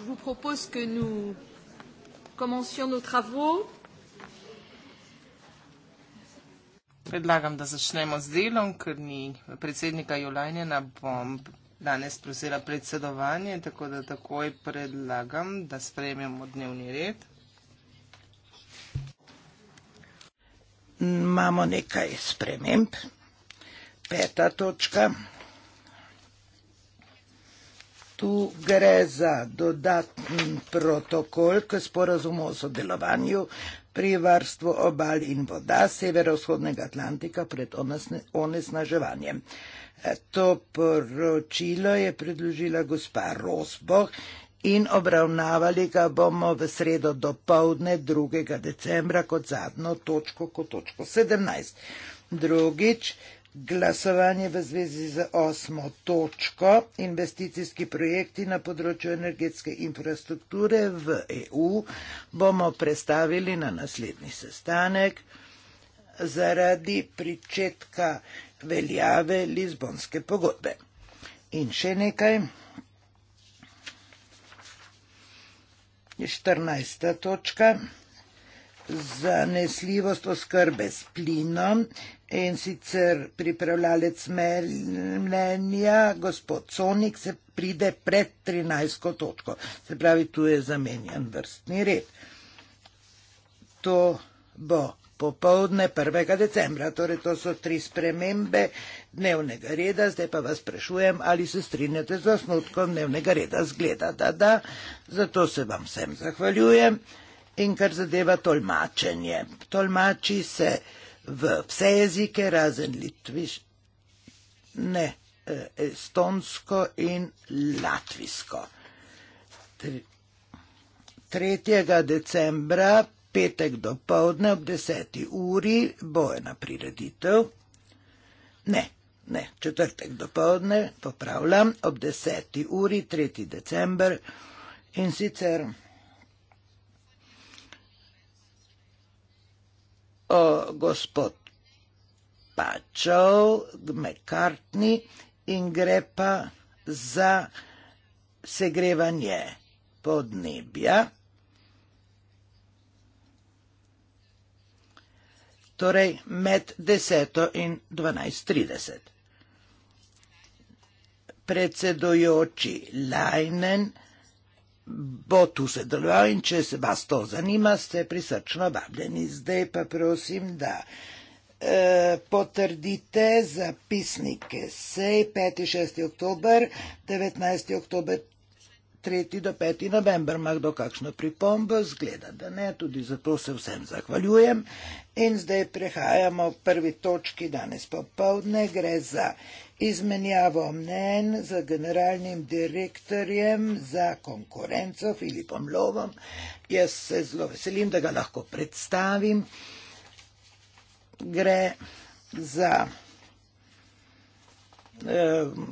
je vous propose que nous commencions nos travaux. Predlagam, da začnemo z delom, ker ni predsednika Jolajnjena, bom danes prosila predsedovanje, tako da takoj predlagam, da sprejmemo dnevni red. Imamo nekaj sprememb. Peta točka tu gre za dodatni protokol k sporazumu o sodelovanju pri varstvu obal in voda severovzhodnega Atlantika pred onesnaževanjem. E, to poročilo je predložila gospa Rosboh in obravnavali ga bomo v sredo do povdne 2. decembra kot zadnjo točko, kot točko 17. Drugič glasovanje v zvezi z osmo točko investicijski projekti na področju energetske infrastrukture v EU bomo predstavili na naslednji sestanek zaradi pričetka veljave Lizbonske pogodbe. In še nekaj. 14. točka zanesljivost oskrbe s plinom in sicer pripravljalec mnenja, gospod Sonik se pride pred 13. točko. Se pravi, tu je zamenjen vrstni red. To bo popovdne 1. decembra, torej to so tri spremembe dnevnega reda. Zdaj pa vas sprašujem, ali se strinjate z osnutkom dnevnega reda. Zgleda, da da, zato se vam vsem zahvaljujem in kar zadeva tolmačenje. Tolmači se v vse jezike, razen litviš, ne, e, estonsko in latvijsko. Tri, 3. decembra, petek do povdne ob 10. uri, bo ena prireditev. Ne, ne, četrtek do povdne, popravljam, ob 10. uri, 3. decembr in sicer. o, gospod Pačov, Mekartni in gre pa za segrevanje podnebja. Torej med 10 in 12.30. Predsedujoči Lajnen bo tu sedeloval in če se vas to zanima, ste prisrčno vabljeni. Zdaj pa prosim, da e, potrdite zapisnike sej 5. 6. oktober, 19. oktober 3. do 5. november ima kdo kakšno pripombo, zgleda, da ne, tudi zato se vsem zahvaljujem. In zdaj prehajamo v prvi točki danes popovdne, gre za izmenjavo mnen z generalnim direktorjem za konkurenco Filipom Lovom. Jaz se zelo veselim, da ga lahko predstavim. Gre za. Um,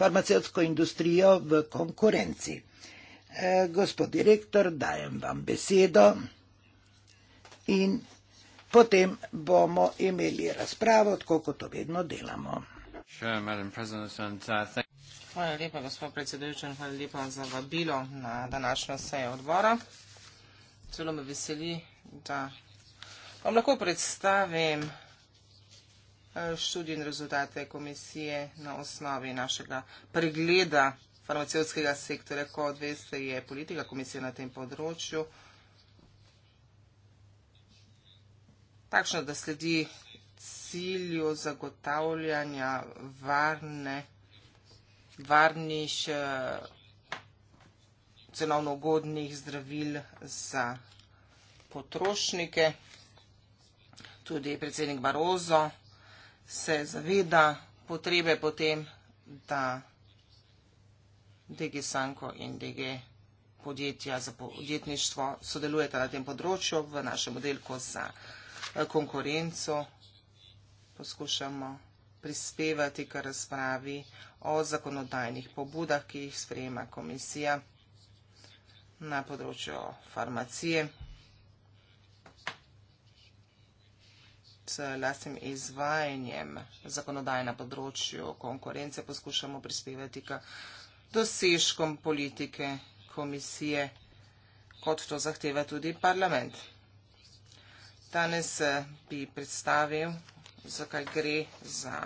farmacevtsko industrijo v konkurenci. E, gospod direktor, dajem vam besedo in potem bomo imeli razpravo, tako kot to vedno delamo. Uh, hvala lepa, gospod predsedujoč, in hvala lepa za vabilo na današnjo sejo odbora. Celo me veseli, da vam lahko predstavim Eh, študij in rezultate komisije na osnovi našega pregleda farmacevskega sektorja. Kot veste, je politika komisije na tem področju takšna, da sledi cilju zagotavljanja varne, varniš eh, cenovno ugodnih zdravil za potrošnike. Tudi predsednik Barozo se zaveda potrebe potem, da DG Sanko in DG podjetja za podjetništvo sodelujete na tem področju v našem modelku za eh, konkurenco. Poskušamo prispevati k razpravi o zakonodajnih pobudah, ki jih sprejema komisija na področju farmacije. Eh, lasnim izvajanjem zakonodaje na področju konkurence poskušamo prispevati k dosežkom politike komisije, kot to zahteva tudi parlament. Danes eh, bi predstavil, zakaj gre za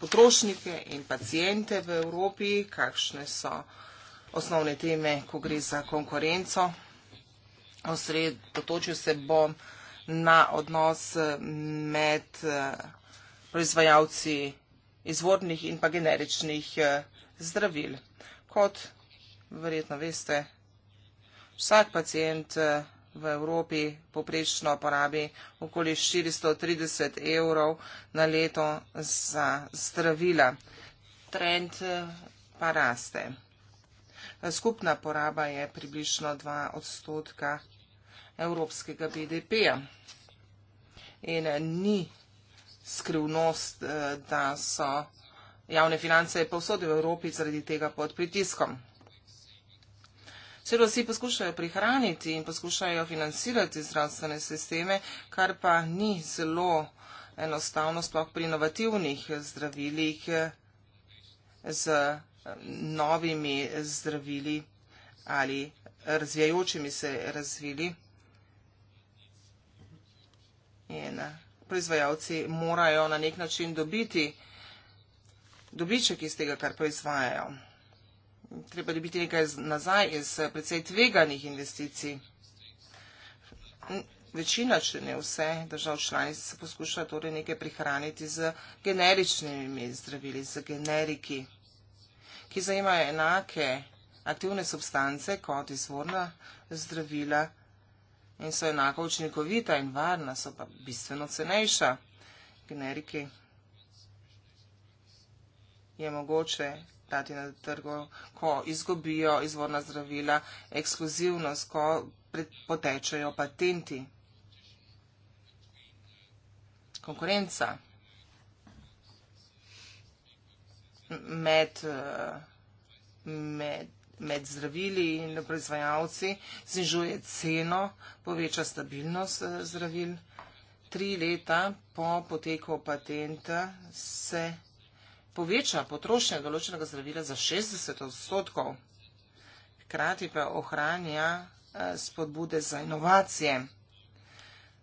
potrošnike in pacijente v Evropi, kakšne so osnovne teme, ko gre za konkurenco. Osredotočil se bom na odnos eh, med eh, proizvajalci izvornih in pa generičnih eh, zdravil. Kot verjetno veste, vsak pacijent v Evropi poprečno porabi okoli 430 evrov na leto za zdravila. Trend pa raste. Skupna poraba je približno 2 odstotka evropskega BDP-ja. In eh, ni skrivnost, eh, da so javne finance povsod v Evropi zaradi tega pod pritiskom. Seveda vsi poskušajo prihraniti in poskušajo financirati zdravstvene sisteme, kar pa ni zelo enostavno, sploh pri inovativnih zdravilih eh, z novimi zdravili ali razvijajočimi se razvili in eh, proizvajalci morajo na nek način dobiti dobiček iz tega, kar proizvajajo. Treba dobiti nekaj nazaj iz eh, predvsej tveganih investicij. Večina, če ne vse, držav članic se poskuša torej nekaj prihraniti z generičnimi zdravili, z generiki, ki zajemajo enake aktivne substance kot izvorna zdravila in so enako učinkovita in varna, so pa bistveno cenejša. Generiki je mogoče dati na trgo, ko izgubijo izvorna zdravila, ekskluzivnost, ko potečajo patenti. Konkurenca med, eh, med med zdravili in proizvajalci, znižuje ceno, poveča stabilnost eh, zdravil. Tri leta po poteku patenta se poveča potrošnja določenega zdravila za 60 odstotkov, hkrati pa ohranja eh, spodbude za inovacije.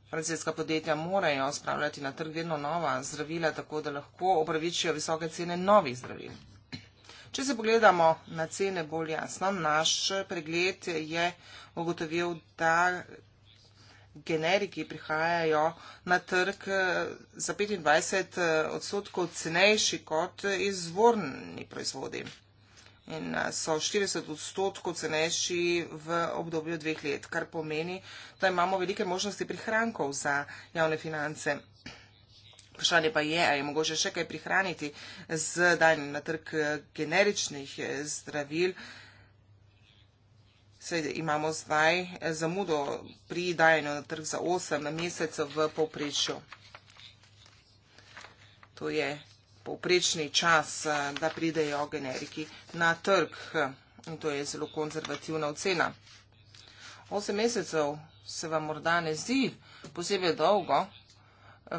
Francijska podjetja morajo spravljati na trg vedno nova zdravila, tako da lahko opravičijo visoke cene novih zdravil. Če se pogledamo na cene bolj jasno, naš pregled je ugotovil, da generiki prihajajo na trg eh, za 25 eh, odstotkov cenejši kot izvorni proizvodi in eh, so 40 odstotkov cenejši v obdobju dveh let, kar pomeni, da imamo velike možnosti prihrankov za javne finance. Vprašanje pa je, ali je mogoče še kaj prihraniti z danjem na trg eh, generičnih eh, zdravil. Sej imamo zdaj eh, zamudo pri dajanju na trg za 8 mesecev v povprečju. To je povprečni čas, da pridejo generiki na trg. In to je zelo konzervativna ocena. 8 mesecev se vam morda ne zdi posebej dolgo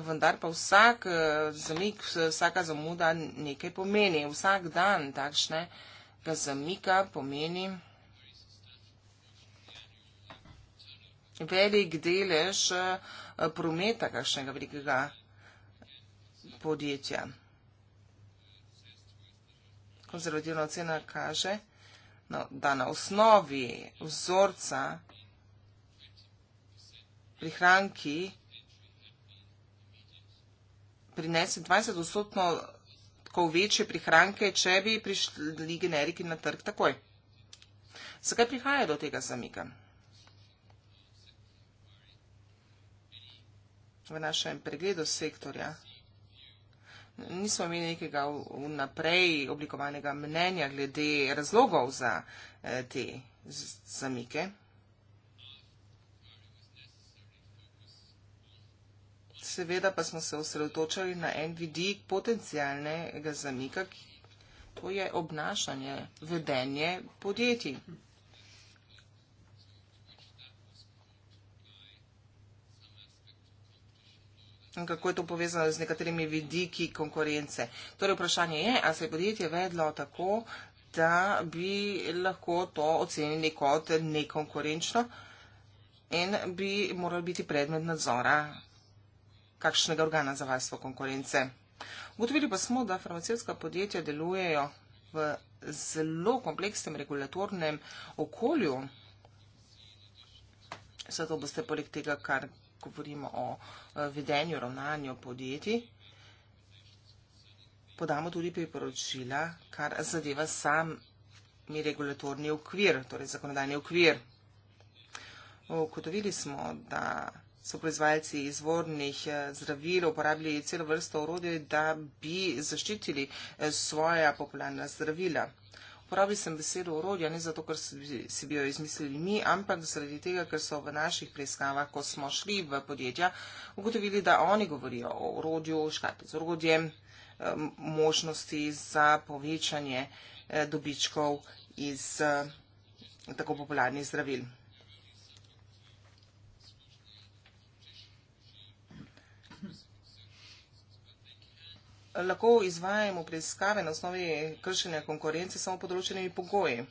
vendar pa vsak eh, zamik, vsaka zamuda nekaj pomeni. Vsak dan takšnega zamika pomeni velik delež eh, prometa kakšnega velikega podjetja. Konzervativna ocena kaže, no, da na osnovi vzorca prihranki prinese 20-odstotno tako večje prihranke, če bi prišli generiki na trg takoj. Zakaj prihaja do tega zamika? V našem pregledu sektorja nismo imeli nekega vnaprej oblikovanega mnenja glede razlogov za eh, te zamike. seveda pa smo se osredotočali na en vidik potencijalnega zamika, to je obnašanje, vedenje podjetij. In kako je to povezano z nekaterimi vidiki konkurence? Torej, vprašanje je, ali se je podjetje vedlo tako, da bi lahko to ocenili kot nekonkurenčno in bi moralo biti predmet nadzora kakšnega organa za varstvo konkurence. Ugotovili pa smo, da farmacevska podjetja delujejo v zelo kompleksnem regulatornem okolju. Zato boste poleg tega, kar govorimo o eh, vedenju, ravnanju podjetij, podamo tudi priporočila, kar zadeva sam mi regulatorni okvir, torej zakonodajni okvir. Ugotovili smo, da so proizvajalci izvornih eh, zdravil uporabili celo vrsto orodij, da bi zaščitili eh, svoja popularna zdravila. Uporabil sem besedo orodja ne zato, ker si bi jo izmislili mi, ampak zaradi tega, ker so v naših preiskavah, ko smo šli v podjetja, ugotovili, da oni govorijo o orodju, škatli z orodjem, eh, možnosti za povečanje dobičkov iz tako popularnih zdravil. lahko izvajamo preiskave na osnovi kršenja konkurence samo pod določenimi pogoji.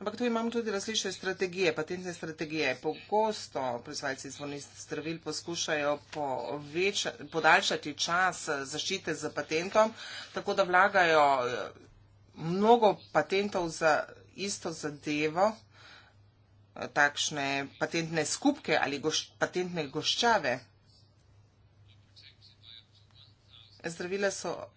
Ampak tu imamo tudi različne strategije, patentne strategije. Pogosto proizvajalci izvornih zdravil poskušajo poveč, podaljšati čas zaščite z patentom, tako da vlagajo eh, mnogo patentov za isto zadevo, eh, takšne patentne skupke ali goš, patentne goščave. zdravile so.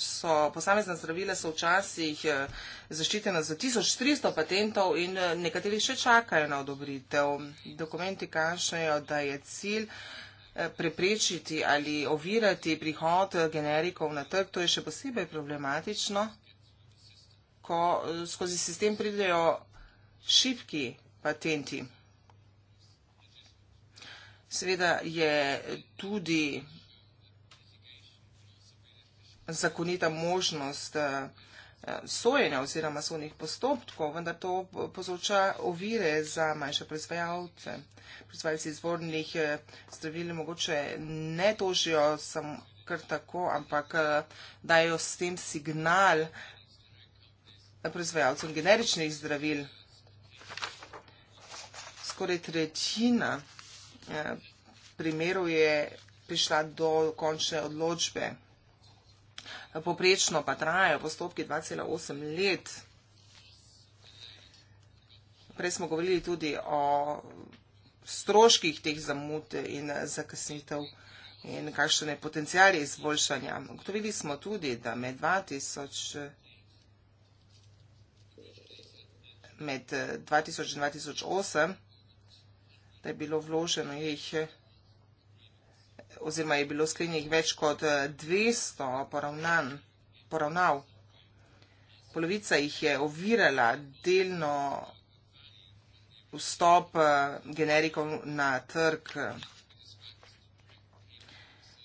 So, posamezne zdravile so včasih eh, zaščitene za 1300 patentov in eh, nekateri še čakajo na odobritev. Dokumenti kažejo, da je cilj eh, preprečiti ali ovirati prihod generikov na trg. To je še posebej problematično, ko skozi sistem pridejo šipki patenti. Seveda je tudi zakonita možnost eh, eh, sojenja oziroma sodnih postopkov, vendar to povzroča ovire za manjše proizvajalce. Proizvajalci izvornih eh, zdravil mogoče ne tožijo samo kar tako, ampak dajo s tem signal proizvajalcem generičnih zdravil. Skoraj tretjina primerov je prišla do končne odločbe. Poprečno pa trajajo postopki 2,8 let. Prej smo govorili tudi o stroških teh zamud in zakasnitev in kakšne je potencijali izboljšanja. Gotovili smo tudi, da med 2000 med 2000 in 2008, da je bilo vloženo jih oziroma je bilo sklenjenih več kot 200 eh, poravnan, poravnav. Polovica jih je ovirala delno vstop eh, generikov na trg.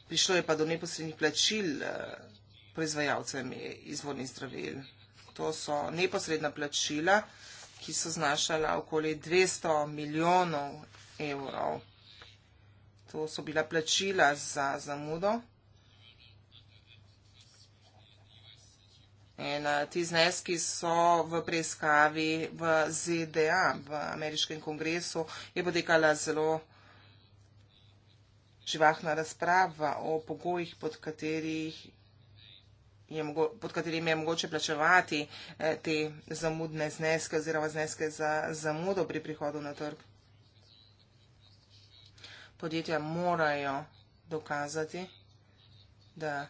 Prišlo je pa do neposrednih plačil eh, proizvajalcem izvornih zdravil. To so neposredna plačila, ki so znašala okoli 200 milijonov evrov to so bila plačila za zamudo. In eh, ti zneski so v preiskavi v ZDA, v ameriškem kongresu, je potekala zelo živahna razprava o pogojih, pod, je mogo, pod katerimi je mogoče plačevati eh, te zamudne zneske oziroma zneske za zamudo pri prihodu na trg podjetja morajo dokazati, da,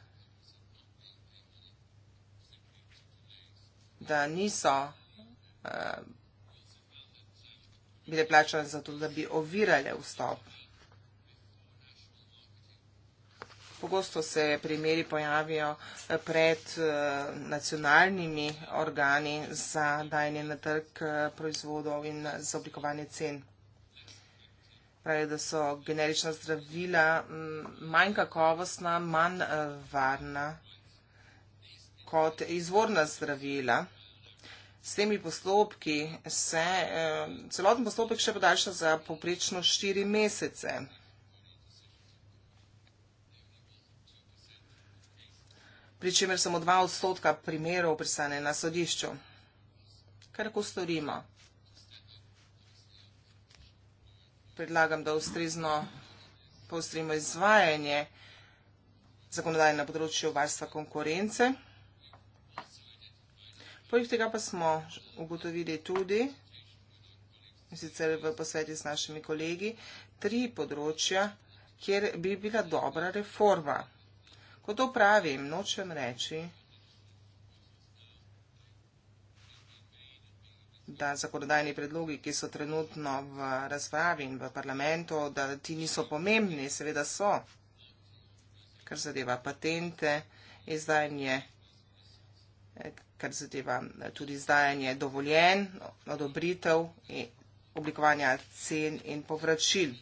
da niso uh, bile plačane zato, da bi ovirale vstop. Pogosto se primeri pojavijo eh, pred eh, nacionalnimi organi za dajanje na trg proizvodov in za oblikovanje cen pravi, da so generična zdravila manj kakovostna, manj eh, varna kot izvorna zdravila. S temi postopki se eh, celoten postopek še podaljša za poprečno štiri mesece. Pričemer samo dva odstotka primerov pristane na sodišču. Kaj lahko storimo? predlagam, da ustrezno postrimo izvajanje zakonodaje na področju varstva konkurence. Poleg tega pa smo ugotovili tudi, in sicer v posveti s našimi kolegi, tri področja, kjer bi bila dobra reforma. Ko to pravim, nočem reči, da zakonodajni predlogi, ki so trenutno v razpravi in v parlamentu, da ti niso pomembni, seveda so, kar zadeva patente, izdajanje, eh, kar zadeva tudi izdajanje dovoljen, odobritev, oblikovanja cen in povračil.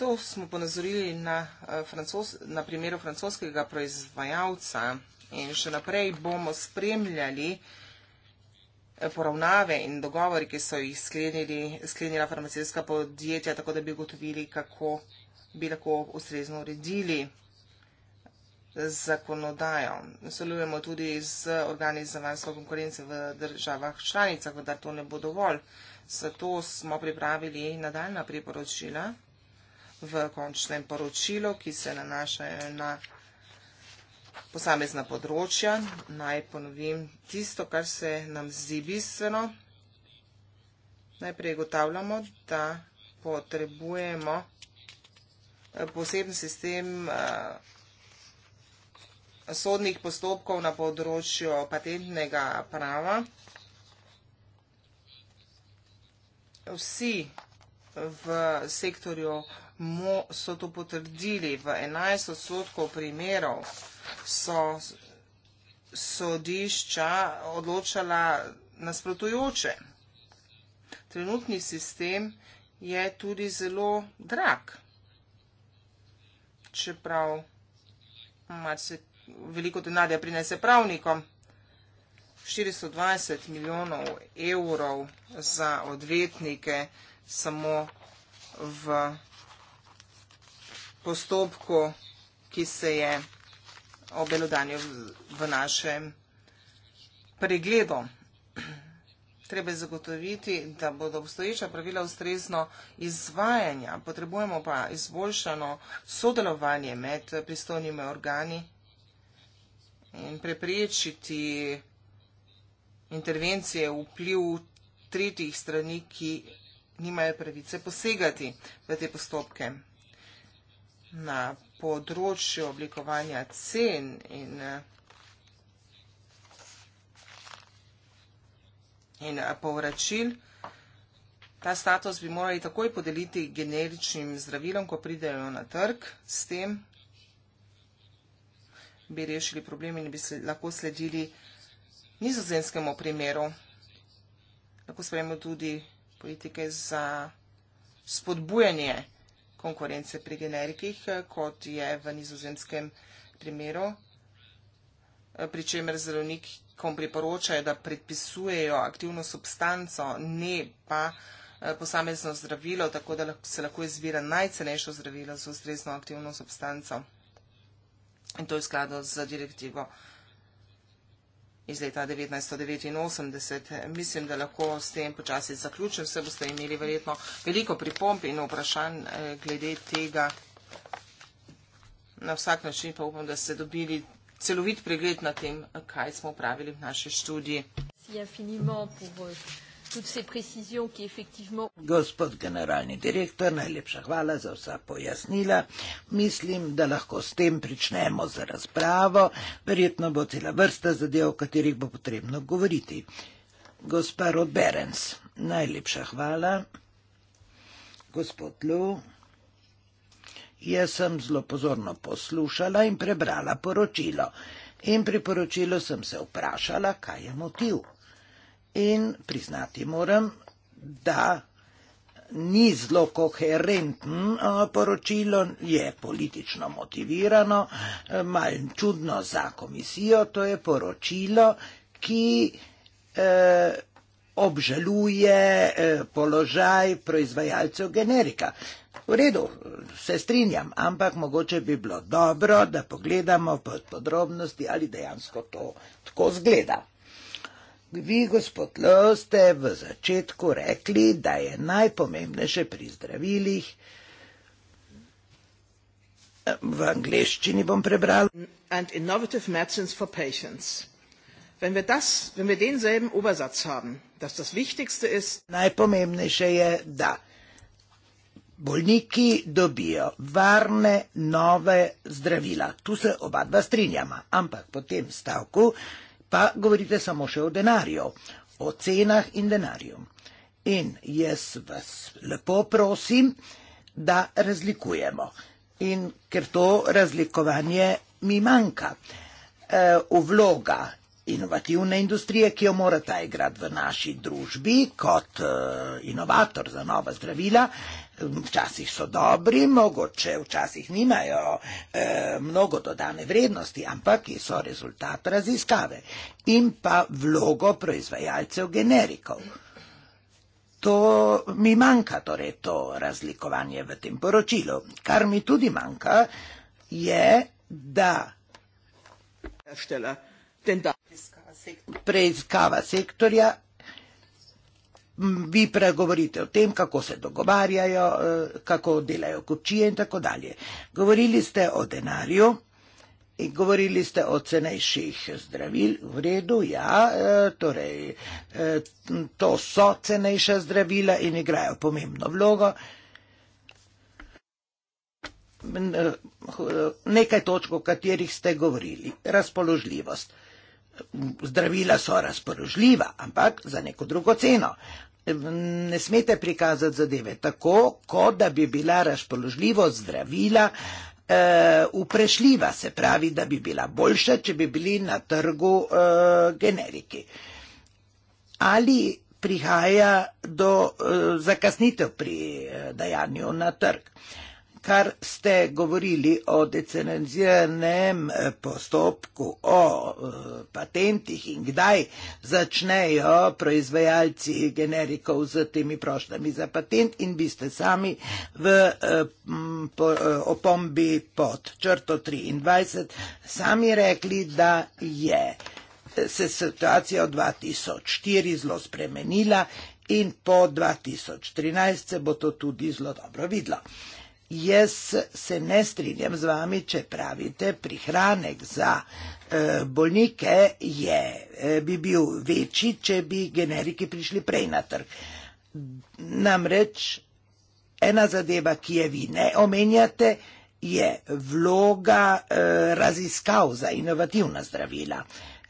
To smo ponazorili na, eh, na primeru francoskega proizvajalca in še naprej bomo spremljali poravnave in dogovori, ki so jih sklenila farmacijska podjetja, tako da bi ugotovili, kako bi lahko ustrezno uredili zakonodajo. Sodelujemo tudi z organi za varstvo konkurence v državah članicah, vendar to ne bo dovolj. Zato smo pripravili nadaljna priporočila v končnem poročilu, ki se nanašajo na posamezna področja. Naj ponovim tisto, kar se nam zdi bistveno. Najprej gotavljamo, da potrebujemo eh, poseben sistem eh, sodnih postopkov na področju patentnega prava. Vsi v sektorju prava mo, so to potrdili v 11 odstotkov primerov so sodišča odločala nasprotujoče. Trenutni sistem je tudi zelo drag, čeprav se veliko denarja prinese pravnikom. 420 milijonov evrov za odvetnike samo v postopku, ki se je obelodanil v našem pregledu. Treba je zagotoviti, da bodo obstoječa pravila ustrezno izvajanja, potrebujemo pa izboljšano sodelovanje med pristojnimi organi in preprečiti intervencije vpliv tretjih strani, ki nimajo pravice posegati v te postopke na področju oblikovanja cen in, in povračil. Ta status bi morali takoj podeliti generičnim zdravilom, ko pridejo na trg s tem bi rešili problem in bi se lahko sledili nizozemskemu primeru. Lahko sprejemo tudi politike za spodbujanje konkurence pri generikih, eh, kot je v nizozemskem primeru, eh, pri čemer zdravnikom priporočajo, da predpisujejo aktivno substanco, ne pa eh, posamezno zdravilo, tako da se lahko izbira najcenejšo zdravilo z ustrezno aktivno substanco. In to je v skladu z direktivo iz leta 1989. Mislim, da lahko s tem počasi zaključim. Se boste imeli verjetno veliko pripomb in vprašanj eh, glede tega. Na vsak način pa upam, da ste dobili celovit pregled na tem, kaj smo upravili v naši študiji. Si je finimo povod tudi vse precizijo, ki efektivno. Gospod generalni direktor, najlepša hvala za vsa pojasnila. Mislim, da lahko s tem pričnemo za razpravo. Verjetno bo cela vrsta zadev, o katerih bo potrebno govoriti. Gospa Rodberens, najlepša hvala. Gospod Lu. Jaz sem zelo pozorno poslušala in prebrala poročilo. In pri poročilu sem se vprašala, kaj je motiv in priznati moram, da ni zelo koherenten poročilo, je politično motivirano, e, malj čudno za komisijo, to je poročilo, ki eh, obžaluje eh, položaj proizvajalcev generika. V redu, se strinjam, ampak mogoče bi bilo dobro, da pogledamo pod podrobnosti, ali dejansko to tako zgleda. Vi, gospod Lo, ste v začetku rekli, da je najpomembnejše pri zdravilih. V angleščini bom prebral. And innovative medicines for patients. Wenn wir, das, wenn wir denselben Obersatz haben, dass das Wichtigste ist, najpomembnejše je, da bolniki dobijo varne, nove zdravila. Tu se oba dva strinjama, ampak po tem stavku pa govorite samo še o denarju, o cenah in denarju. In jaz vas lepo prosim, da razlikujemo. In ker to razlikovanje mi manjka, eh, vloga inovativne industrije, ki jo mora ta igrati v naši družbi kot eh, inovator za nova zdravila, eh, včasih so dobri, mogoče včasih nimajo e, mnogo dodane vrednosti, ampak so rezultat raziskave in pa vlogo proizvajalcev generikov. To mi manjka, torej to razlikovanje v tem poročilu. Kar mi tudi manjka, je, da preiskava sektorja vi pregovorite o tem, kako se dogovarjajo, e, kako delajo kupčije in tako dalje. Govorili ste o denarju. In govorili ste o cenejših zdravil, v redu, ja, e, torej e, to so cenejša zdravila in igrajo pomembno vlogo. Nekaj točk, o katerih ste govorili. Razpoložljivost. Zdravila so razpoložljiva, ampak za neko drugo ceno ne smete prikazati zadeve tako, kot da bi bila razpoložljivo zdravila e, eh, uprešljiva, se pravi, da bi bila boljša, če bi bili na trgu e, generiki. Ali prihaja do e, zakasnitev pri e, dajanju na trg? E, kar ste govorili o decenziranem eh, postopku, o eh, patentih in kdaj začnejo proizvajalci generikov z temi prošljami za patent in bi ste sami v eh, opombi pod črto 23 sami rekli, da je se situacija od 2004 zelo spremenila in po 2013 se bo to tudi zelo dobro videlo. Jaz se ne strinjam z vami, če pravite, prihranek za eh, bolnike je, eh, bi bil večji, če bi generiki prišli prej na trg. Namreč ena zadeva, ki je vi ne omenjate, je vloga eh, raziskav za inovativna zdravila.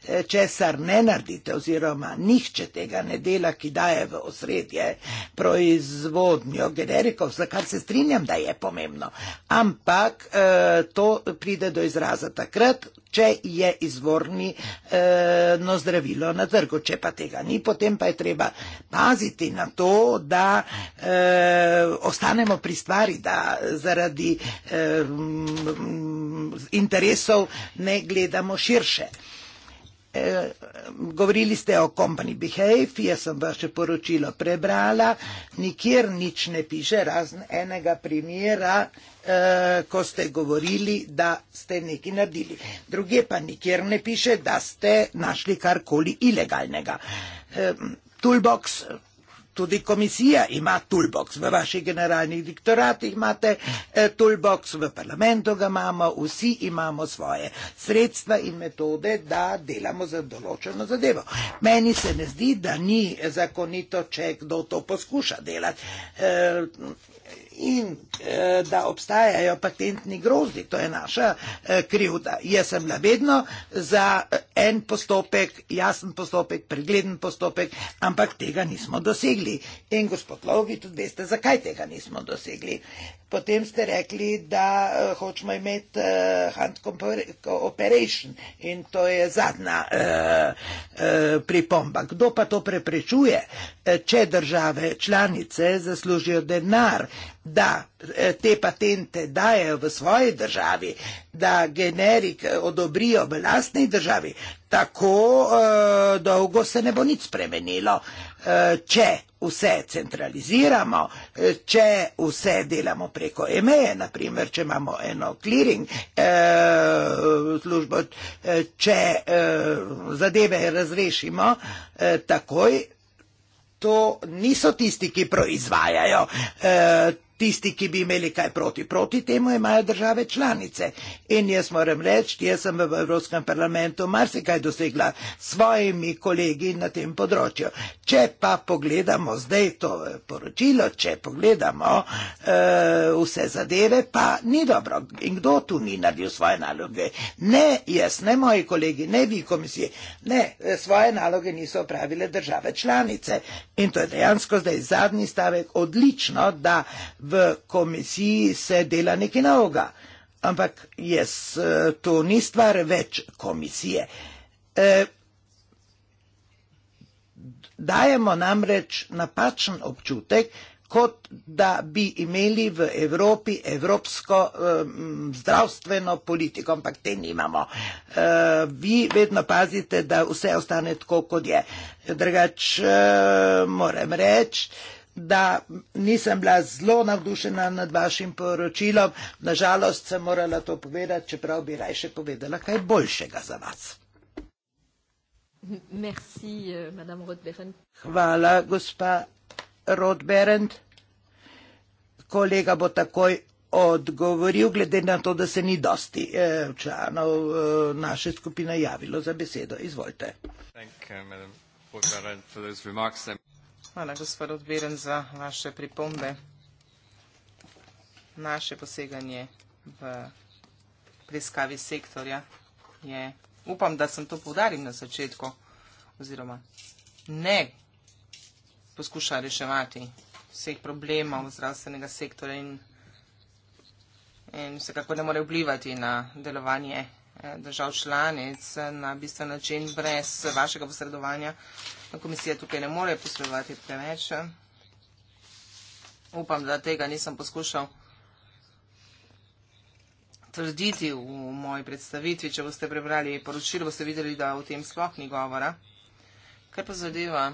Eh, česar ne naredite oziroma nihče tega ne dela, ki daje v osredje proizvodnjo generikov, za kar se strinjam, da je pomembno. Ampak eh, to pride do izraza takrat, če je izvorni eh, no zdravilo na trgu. Če pa tega ni, potem pa je treba paziti na to, da ostanemo pri stvari, da zaradi interesov ne gledamo širše. Eh, govorili ste o company behave, jaz sem vaše poročilo prebrala, nikjer nič ne piše, razen enega primera, eh, ko ste govorili, da ste nekaj naredili. Druge pa nikjer ne piše, da ste našli karkoli ilegalnega. Eh, toolbox, tudi komisija ima toolbox, v vaših generalnih direktoratih imate eh, toolbox, v parlamentu ga imamo, vsi imamo svoje sredstva in metode, da delamo za določeno zadevo. Meni se ne zdi, da ni zakonito, če kdo to poskuša delati. Eh, in eh, da obstajajo patentni grozdi, to je naša eh, krivda. Jaz sem bila vedno za eh, en postopek, jasen postopek, pregleden postopek, ampak tega nismo dosegli. In gospod Logi, tudi veste, zakaj tega nismo dosegli. Potem ste rekli, da eh, hočemo imeti eh, hand operation in to je zadnja eh, eh, pripomba. Kdo pa to preprečuje? Eh, če države članice zaslužijo denar, da eh, te patente dajo v svoji državi, da generik eh, odobrijo v lastni državi, tako uh, dolgo se ne bo nič spremenilo. Uh, če vse centraliziramo, če vse delamo preko EME, naprimer, če imamo eno clearing uh, službo, če uh, zadeve razrešimo uh, takoj, to niso tisti, ki proizvajajo. Uh, tisti, ki bi imeli kaj proti. Proti temu imajo države članice. In jaz moram reči, jaz sem v Evropskem parlamentu marsikaj dosegla s svojimi kolegi na tem področju. Če pa pogledamo zdaj to eh, poročilo, če pogledamo e, vse zadeve, pa ni dobro. In kdo tu ni naredil svoje naloge? Ne jaz, ne moji kolegi, ne vi komisije. Ne, eh, svoje naloge niso opravile države članice. In to je dejansko zdaj zadnji stavek odlično, da v v komisiji se dela nekaj naloga, ampak jaz eh, to ni stvar več komisije. E, dajemo namreč napačen občutek, kot da bi imeli v Evropi evropsko um, zdravstveno politiko, ampak te nimamo. Uh, vi vedno pazite, da vse ostane tako, kot je. Drugač, uh, moram reči, da nisem bila zelo navdušena nad vašim poročilom. Nažalost sem morala to povedati, čeprav bi rajše povedala kaj boljšega za vas. Merci, euh, Hvala, gospa Rodberend. Kolega bo takoj odgovoril, glede na to, da se ni dosti eh, članov eh, naše skupine javilo za besedo. Izvolite. Thank, uh, Madame, Hvala, gospod Odberen, za vaše pripombe. Naše poseganje v preiskavi sektorja je, upam, da sem to povdaril na začetku, oziroma ne poskuša reševati vseh problemov zdravstvenega sektorja in, in vsekako ne more vplivati na delovanje eh, držav članic na bistven način brez vašega posredovanja. Komisija tukaj ne more posredovati preveč. Upam, da tega nisem poskušal trditi v moji predstavitvi. Če boste prebrali poročilo, boste videli, da o tem sploh ni govora. Kaj pa zadeva?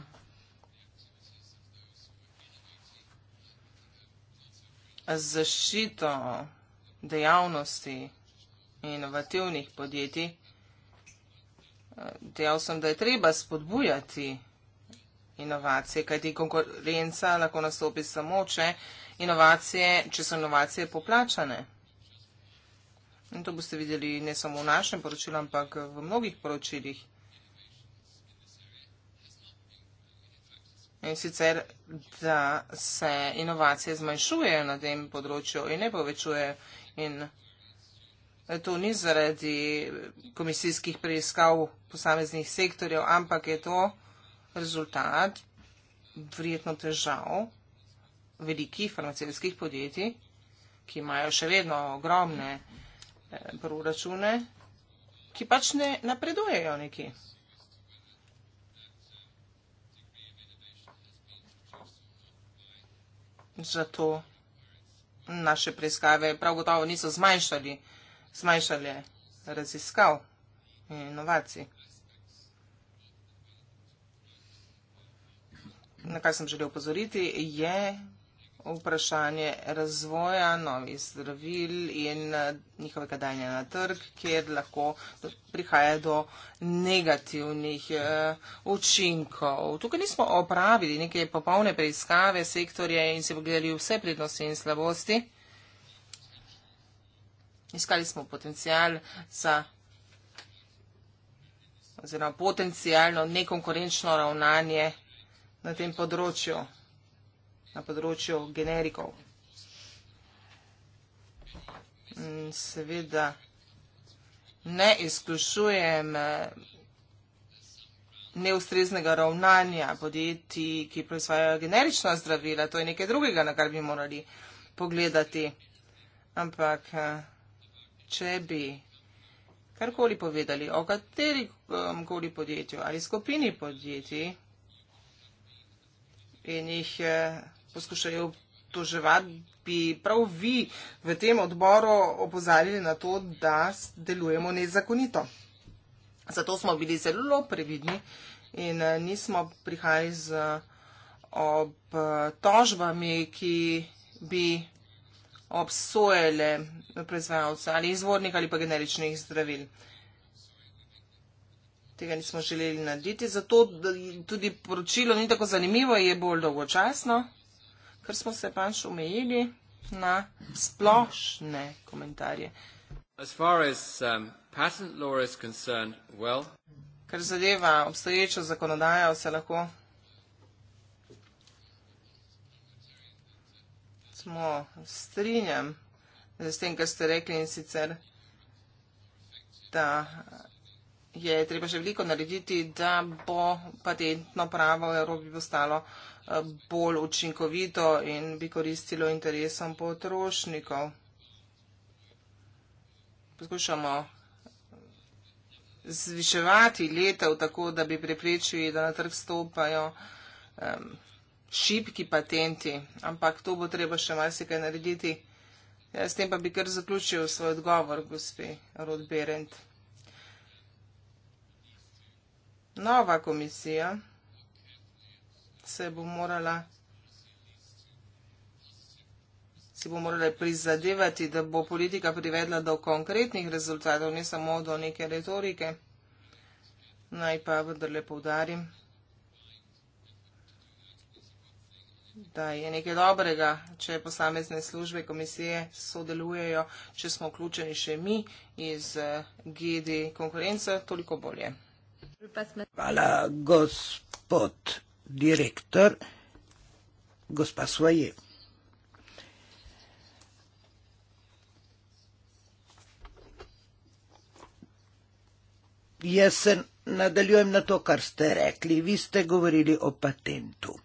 zašito dejavnosti inovativnih podjetij. Dejal sem, da je treba spodbujati inovacije, kajti konkurenca lahko nastopi samo, če, če so inovacije poplačane. In to boste videli ne samo v našem poročilu, ampak v mnogih poročilih. In sicer, da se inovacije zmanjšujejo na tem področju in ne povečujejo. In to ni zaradi komisijskih preiskav posameznih sektorjev, ampak je to rezultat vredno težav velikih farmacijskih podjetij, ki imajo še vedno ogromne eh, proračune, ki pač ne napredujejo neki. Zato naše preiskave prav gotovo niso zmanjšali, zmanjšali raziskav in inovacij. na kar sem želel pozoriti, je vprašanje razvoja novih zdravil in eh, njihovega danja na trg, kjer lahko prihaja do negativnih uh, učinkov. Tukaj nismo opravili neke popolne preiskave sektorja in se pogledali vse prednosti in slabosti. Iskali smo potencial za oziroma potencijalno nekonkurenčno ravnanje na tem področju, na področju generikov. Mm, seveda ne izključujem eh, neustreznega ravnanja podjetij, ki proizvajajo generična zdravila. To je nekaj drugega, na kar bi morali pogledati. Ampak, eh, če bi karkoli povedali o katerikoli podjetju ali skupini podjetij, in jih eh, poskušajo obtoževati, bi prav vi v tem odboru opozarjali na to, da delujemo nezakonito. Zato smo bili zelo previdni in eh, nismo prihajali z obtožbami, eh, ki bi obsojale proizvajalce ali izvornih ali pa generičnih zdravil tega nismo želeli narediti. Zato tudi poročilo ni tako zanimivo, je bolj dolgočasno, ker smo se pač omejili na splošne komentarje. As far as, um, patent law is concerned, well. Kar zadeva obstoječo zakonodajo, se lahko smo strinjam z tem, kar ste rekli in sicer, da je treba še veliko narediti, da bo patentno pravo v Evropi postalo eh, bolj učinkovito in bi koristilo interesom potrošnikov. Poskušamo zviševati letev tako, da bi preprečili, da na trg stopajo šipki patenti, ampak to bo treba še marsikaj narediti. Ja, s tem pa bi kar zaključil svoj odgovor, gospe Rod Berendt. nova komisija se bo morala si bo morali prizadevati, da bo politika privedla do konkretnih rezultatov, ne samo do neke retorike. Naj pa vendarle povdarim, da je nekaj dobrega, če posamezne službe komisije sodelujejo, če smo vključeni še mi iz eh, GD konkurenca, toliko bolje. Hvala, gospod direktor, gospa Svoje. Jaz se nadaljujem na to, kar ste rekli. Vi ste govorili o patentu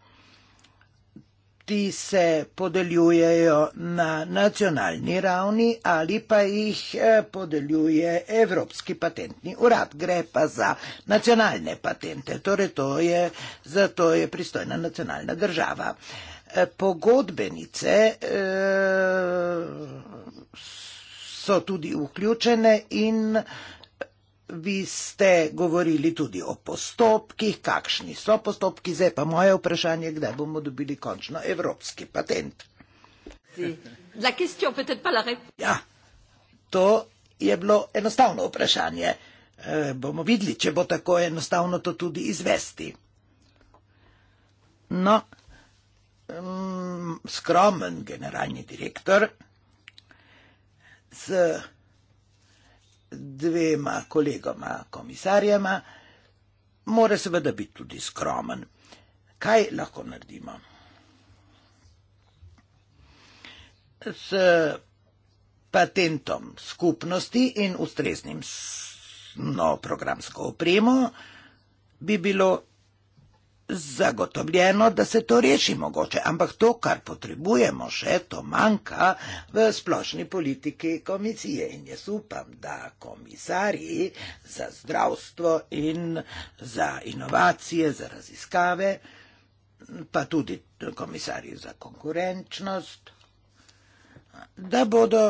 ti se podeljujejo na nacionalni ravni ali pa jih eh, podeljuje Evropski patentni urad. Gre pa za nacionalne patente, torej to je, zato je pristojna nacionalna država. Eh, pogodbenice eh, so tudi vključene in vi ste govorili tudi o postopkih, kakšni so postopki, zdaj pa moje vprašanje, kdaj bomo dobili končno evropski patent. Ja, to je bilo enostavno vprašanje. E, bomo videli, če bo tako enostavno to tudi izvesti. No, skromen generalni direktor z dvema kolegoma komisarjema, mora seveda biti tudi skromen. Kaj lahko naredimo? S patentom skupnosti in ustreznim snoprogramsko opremo bi bilo Zagotovljeno, da se to reši mogoče, ampak to, kar potrebujemo še, to manjka v splošni politiki komisije in jaz upam, da komisarji za zdravstvo in za inovacije, za raziskave, pa tudi komisarji za konkurenčnost, da bodo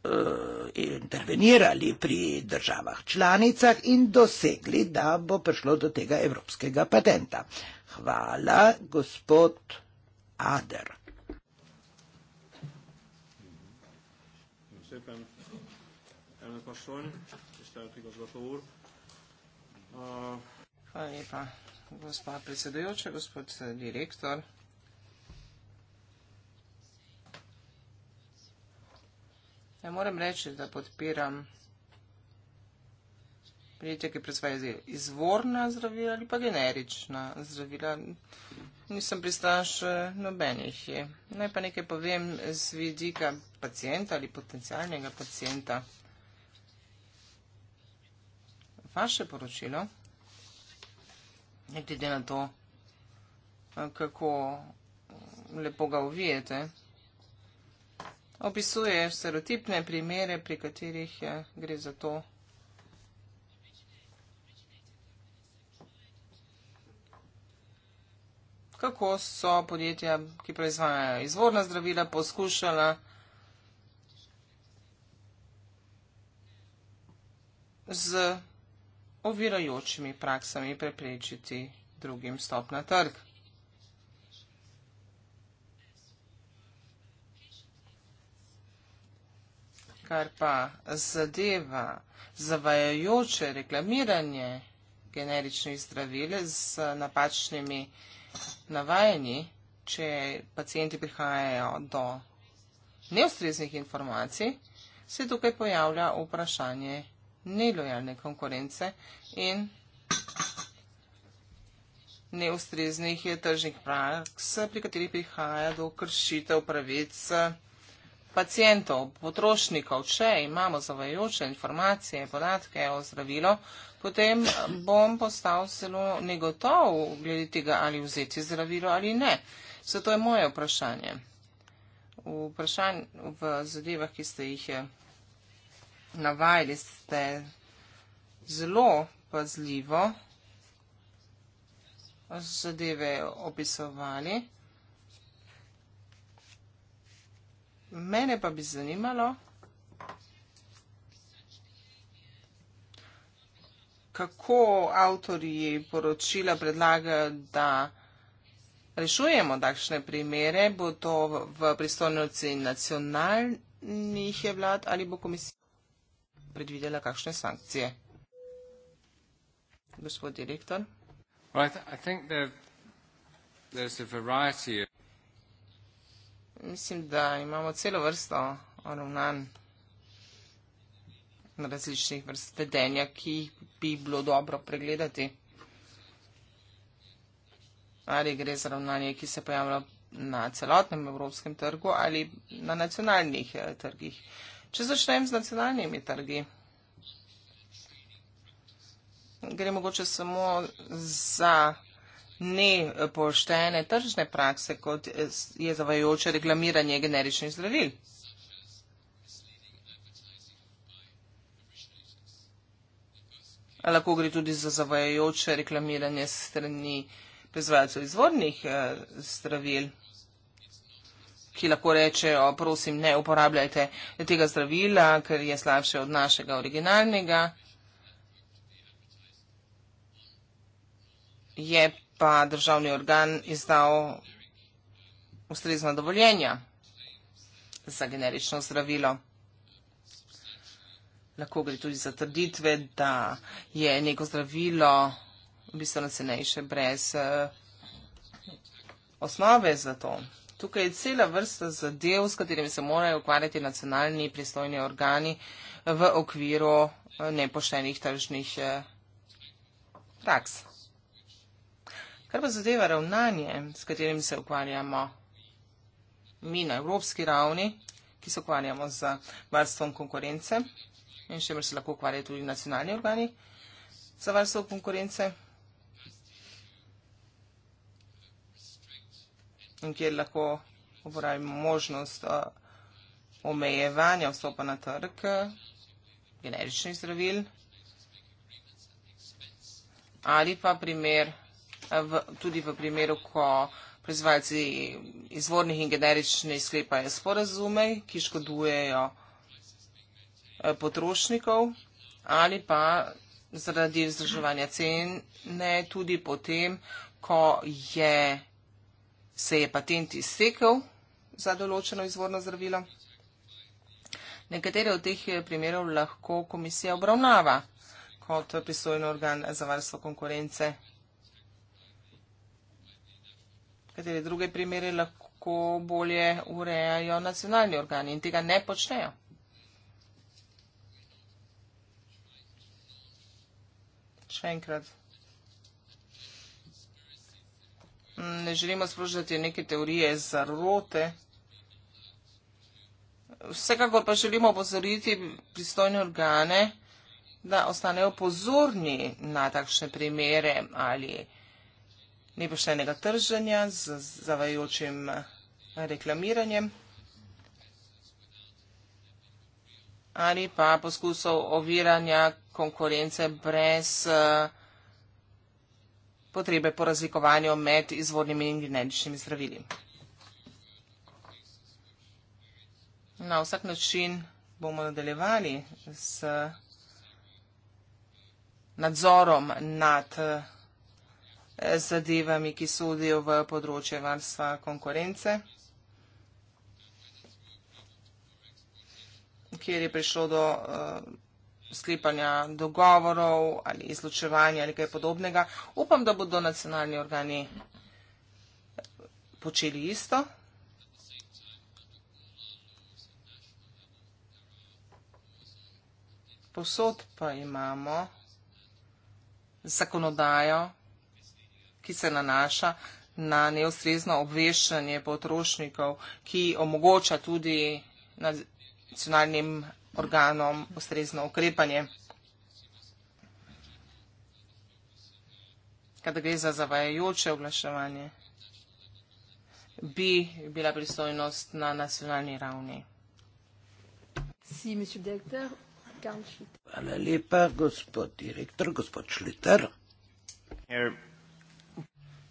Eh, intervenirali pri državah članicah in dosegli, da bo prišlo do tega evropskega patenta. Hvala, gospod Ader. Hvala lepa, gospod predsedujoče, gospod direktor. Ja moram reči, da podpiram prijetje, ki predstavlja izvorna zdravila ali pa generična zdravila. Nisem pristaš nobenih. Naj pa nekaj povem z vidika pacijenta ali potencijalnega pacijenta. Vaše poročilo, glede na to, kako lepo ga uvijete, opisuje stereotipne primere, pri katerih eh, gre za to. Kako so podjetja, ki proizvajajo izvorna zdravila, poskušala z ovirajočimi praksami preprečiti drugim stop na trg. kar pa zadeva zavajajoče reklamiranje generičnih zdravil z napačnimi navajanji, če pacijenti prihajajo do neustreznih informacij, se tukaj pojavlja vprašanje nelojalne konkurence in neustreznih tržnih praks, pri katerih prihaja do kršitev pravic pacijentov, potrošnikov, če imamo zavajajoče informacije, podatke o zdravilu, potem bom postal zelo negotov glede tega, ali vzeti zdravilo ali ne. Zato je moje vprašanje. V, vprašanj, v zadevah, ki ste jih eh, navajali, ste zelo pazljivo zadeve opisovali. Mene pa bi zanimalo, kako avtorji poročila predlagajo, da rešujemo takšne primere, bo to v pristojnosti nacionalnih je vlad ali bo komisija predvidela kakšne sankcije. Gospod direktor. Right, I think there, there's a variety of mislim, da imamo celo vrsto ravnanj različnih vrst vedenja, ki bi bilo dobro pregledati. Ali gre za ravnanje, ki se pojavlja na celotnem evropskem trgu ali na nacionalnih eh, trgih. Če začnem z nacionalnimi trgi, gre mogoče samo za nepoštene tržne prakse, kot je zavajoče reklamiranje generičnih zdravil. Lahko gre tudi za zavajajoče reklamiranje strani prezvajalcev izvornih eh, zdravil, ki lahko rečejo, prosim, ne uporabljajte tega zdravila, ker je slabše od našega originalnega. Je pa državni organ izdal ustrezna dovoljenja za generično zdravilo. Lahko gre tudi za trditve, da je neko zdravilo bistveno cenejše brez eh, osnove za to. Tukaj je cela vrsta zadev, s katerimi se morajo ukvarjati nacionalni pristojni organi v okviru eh, nepoštenih tržnih eh, praks. Eh, Kar pa zadeva ravnanje, s katerim se ukvarjamo mi na evropski ravni, ki se ukvarjamo z varstvom konkurence in še mer se lahko ukvarjajo tudi nacionalni organi za varstvo konkurence in kjer lahko uporabimo možnost eh, omejevanja vstopa na trg generičnih zdravil ali pa primer v, tudi v primeru, ko proizvajalci izvornih in generičnih sklepajo sporazume, ki škodujejo eh, potrošnikov ali pa zaradi vzdrževanja cene tudi potem, ko je, se je patent iztekel za določeno izvorno zdravilo. Nekatere od teh eh, primerov lahko komisija obravnava kot pristojen organ za varstvo konkurence katere druge primere lahko bolje urejajo nacionalni organi in tega ne počnejo. Še enkrat. Ne želimo sprožati neke teorije zarote. Vsekakor pa želimo opozoriti pristojne organe, da ostanejo pozorni na takšne primere ali nepoštenega trženja z zavajočim reklamiranjem ali pa poskusov oviranja konkurence brez eh, potrebe po razlikovanju med izvornimi in generičnimi zdravili. Na vsak način bomo nadaljevali z nadzorom nad zdravili. Eh, z zadevami, ki sodijo v področje varstva konkurence, kjer je prišlo do eh, sklepanja dogovorov ali izločevanja ali kaj podobnega. Upam, da bodo nacionalni organi eh, počeli isto. Posod pa imamo zakonodajo, ki se nanaša na neustrezno obveščanje potrošnikov, ki omogoča tudi nacionalnim organom ustrezno ukrepanje. Kada gre za zavajajoče oglaševanje, bi bila pristojnost na nacionalni ravni. Hvala lepa, gospod direktor, gospod Šliter.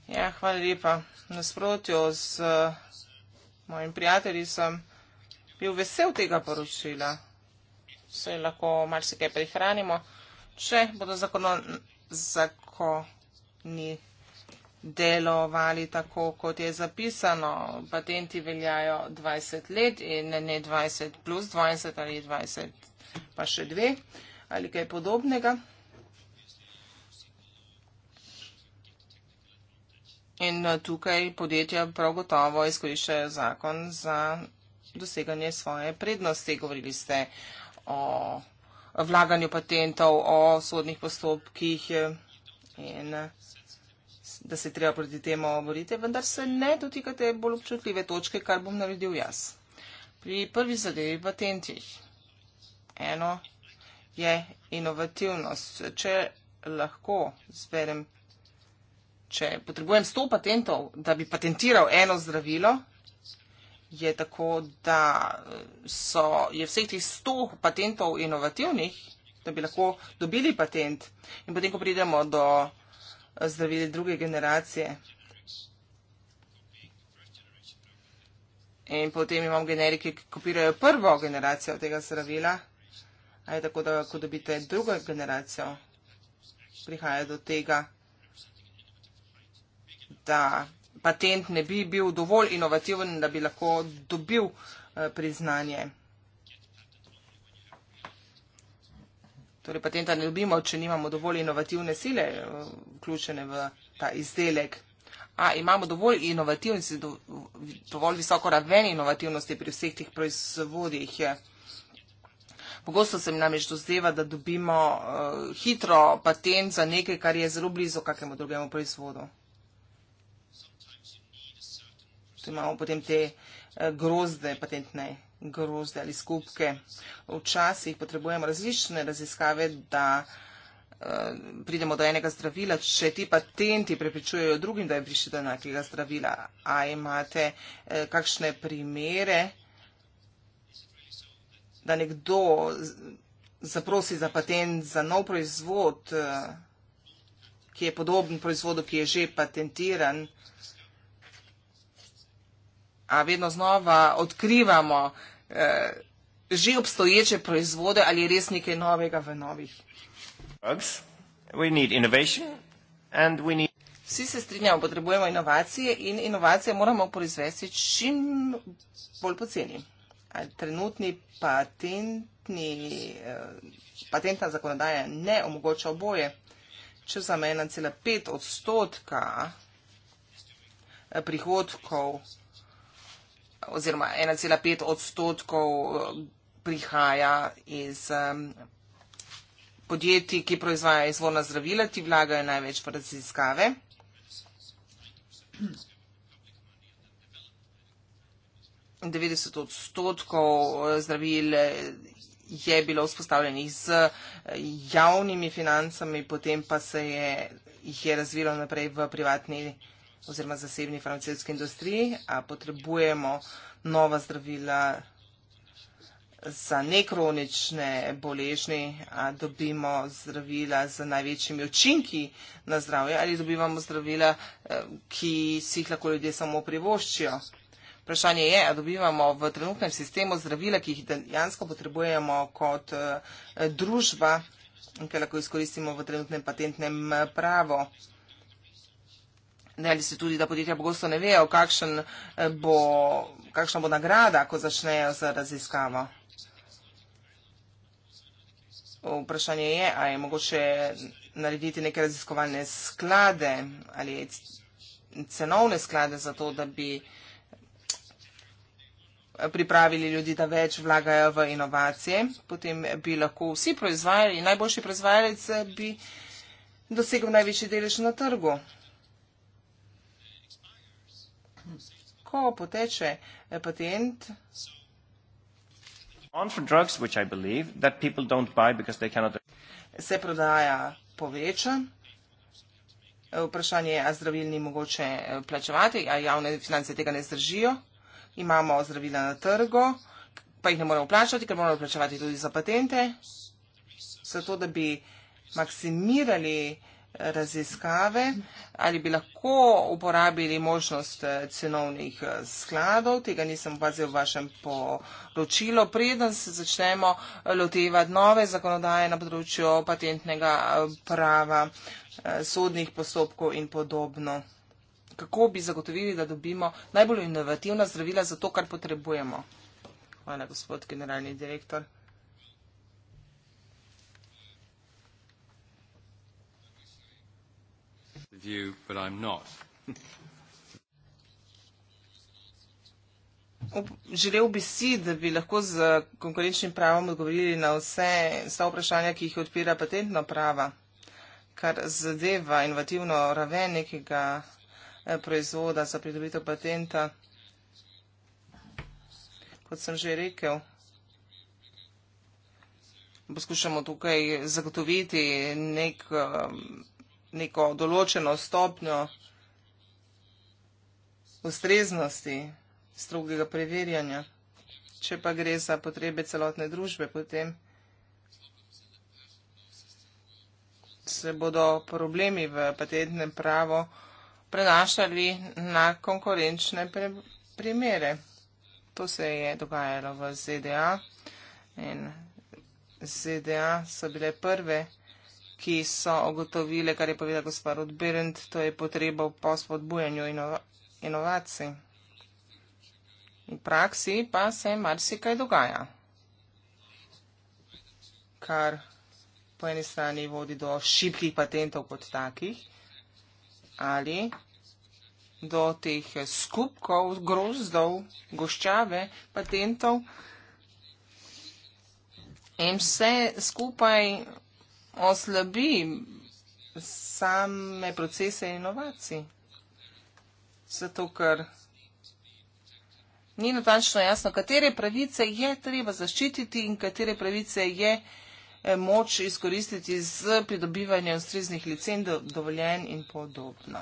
Ja, hvala lepa. Na sprotju z uh, mojim prijatelji sem bil vesel tega poročila. Vse lahko marsikaj prihranimo, če bodo zakono, zakoni delovali tako, kot je zapisano. Patenti veljajo 20 let in ne 20 plus 20 ali 20 pa še dve ali kaj podobnega. In eh, tukaj podjetja prav gotovo izkoriščajo zakon za doseganje svoje prednosti. Govorili ste o vlaganju patentov, o sodnih postopkih eh, in da se treba proti temu boriti, vendar se ne dotikate bolj občutljive točke, kar bom naredil jaz. Pri prvi zadevi patentih. Eno je inovativnost. Če lahko zberem če potrebujem 100 patentov, da bi patentiral eno zdravilo, je tako, da eh, so, je vseh tih 100 patentov inovativnih, da bi lahko dobili patent. In potem, ko pridemo do eh, zdravil druge generacije. In potem imam generike, ki kopirajo prvo generacijo tega zdravila. A je tako, da ko dobite drugo generacijo, prihaja do tega da patent ne bi bil dovolj inovativen, da bi lahko dobil eh, priznanje. Torej, patenta ne dobimo, če nimamo dovolj inovativne sile eh, vključene v ta izdelek. A imamo dovolj inovativnosti, dovolj visoko raven inovativnosti pri vseh teh proizvodih. Pogosto se mi namreč dozeva, da dobimo uh, hitro patent za nekaj, kar je zelo blizu kakemu drugemu proizvodu. imamo potem te eh, grozde, patentne grozde ali skupke. Včasih potrebujemo različne raziskave, da eh, pridemo do enega zdravila, če ti patenti prepričujejo drugim, da je prišli do enakega zdravila. A imate eh, kakšne primere, da nekdo zaprosi za patent za nov proizvod, ki je podoben proizvodu, ki je že patentiran? a vedno znova odkrivamo eh, že obstoječe proizvode ali res nekaj novega v novih. Vsi se strinjamo, potrebujemo inovacije in inovacije moramo proizvesti čim bolj poceni. Trenutni patentni, eh, patentna zakonodaja ne omogoča oboje. Če za me 1,5 odstotka eh, prihodkov oziroma 1,5 odstotkov eh, prihaja iz um, podjetij, ki proizvajajo izvorna zdravila, ti vlagajo največ v raziskave. In 90 odstotkov eh, zdravil eh, je bilo vzpostavljenih z javnimi financami, potem pa se je, jih je razvilo naprej v privatni oziroma zasebni farmacevski industriji, a potrebujemo nova zdravila za nekronične bolezni, a dobimo zdravila z največjimi učinki na zdravje ali dobivamo zdravila, eh, ki si jih lahko ljudje samo privoščijo. Vprašanje je, a dobivamo v trenutnem sistemu zdravila, ki jih dejansko potrebujemo kot eh, družba, ki lahko izkoristimo v trenutnem patentnem eh, pravu ne, ali se tudi, da podjetja pogosto ne vejo, eh, bo, kakšna bo nagrada, ko začnejo z raziskavo. Vprašanje je, ali je mogoče narediti neke raziskovalne sklade ali cenovne sklade za to, da bi pripravili ljudi, da več vlagajo v inovacije. Potem bi lahko vsi proizvajali, najboljši proizvajalec bi dosegel največji delež na trgu. ko poteče eh, patent. Drugs, believe, se prodaja poveča. Eh, vprašanje je, a zdravilni mogoče eh, plačevati, a javne finance tega ne zdržijo. Imamo zdravila na trgu, pa jih ne moremo plačati, ker moramo plačevati tudi za patente. Zato, da bi maksimirali uh, raziskave, ali bi lahko uporabili možnost eh, cenovnih eh, skladov. Tega nisem opazil v vašem poročilu. Preden se začnemo eh, lotevati nove zakonodaje na področju patentnega prava, sodnih postopkov in podobno. Kako bi zagotovili, da dobimo najbolj inovativna zdravila za to, kar potrebujemo? Hvala, gospod generalni direktor. view, but I'm not. Želel bi si, da bi lahko z konkurenčnim pravom odgovorili na vse, vsa vprašanja, ki jih odpira patentno prava, kar zadeva inovativno raven nekega eh, proizvoda za pridobitev patenta. Kot sem že rekel, poskušamo tukaj zagotoviti nek. Um, neko določeno stopnjo ustreznosti strogega preverjanja. Če pa gre za potrebe celotne družbe, potem se bodo problemi v patentnem pravo prenašali na konkurenčne pre primere. To se je dogajalo v ZDA in ZDA so bile prve ki so ogotovile, kar je povedal gospod Rodberend, to je potreba po spodbujanju inova inovacij. V praksi pa se marsikaj dogaja, kar po eni strani vodi do šibkih patentov kot takih ali do teh skupkov, grozdov, goščave patentov. In vse skupaj oslabi same procese inovacij. Zato, ker ni natančno jasno, katere pravice je treba zaščititi in katere pravice je eh, moč izkoristiti z pridobivanjem ustreznih licenj, dovoljen in podobno.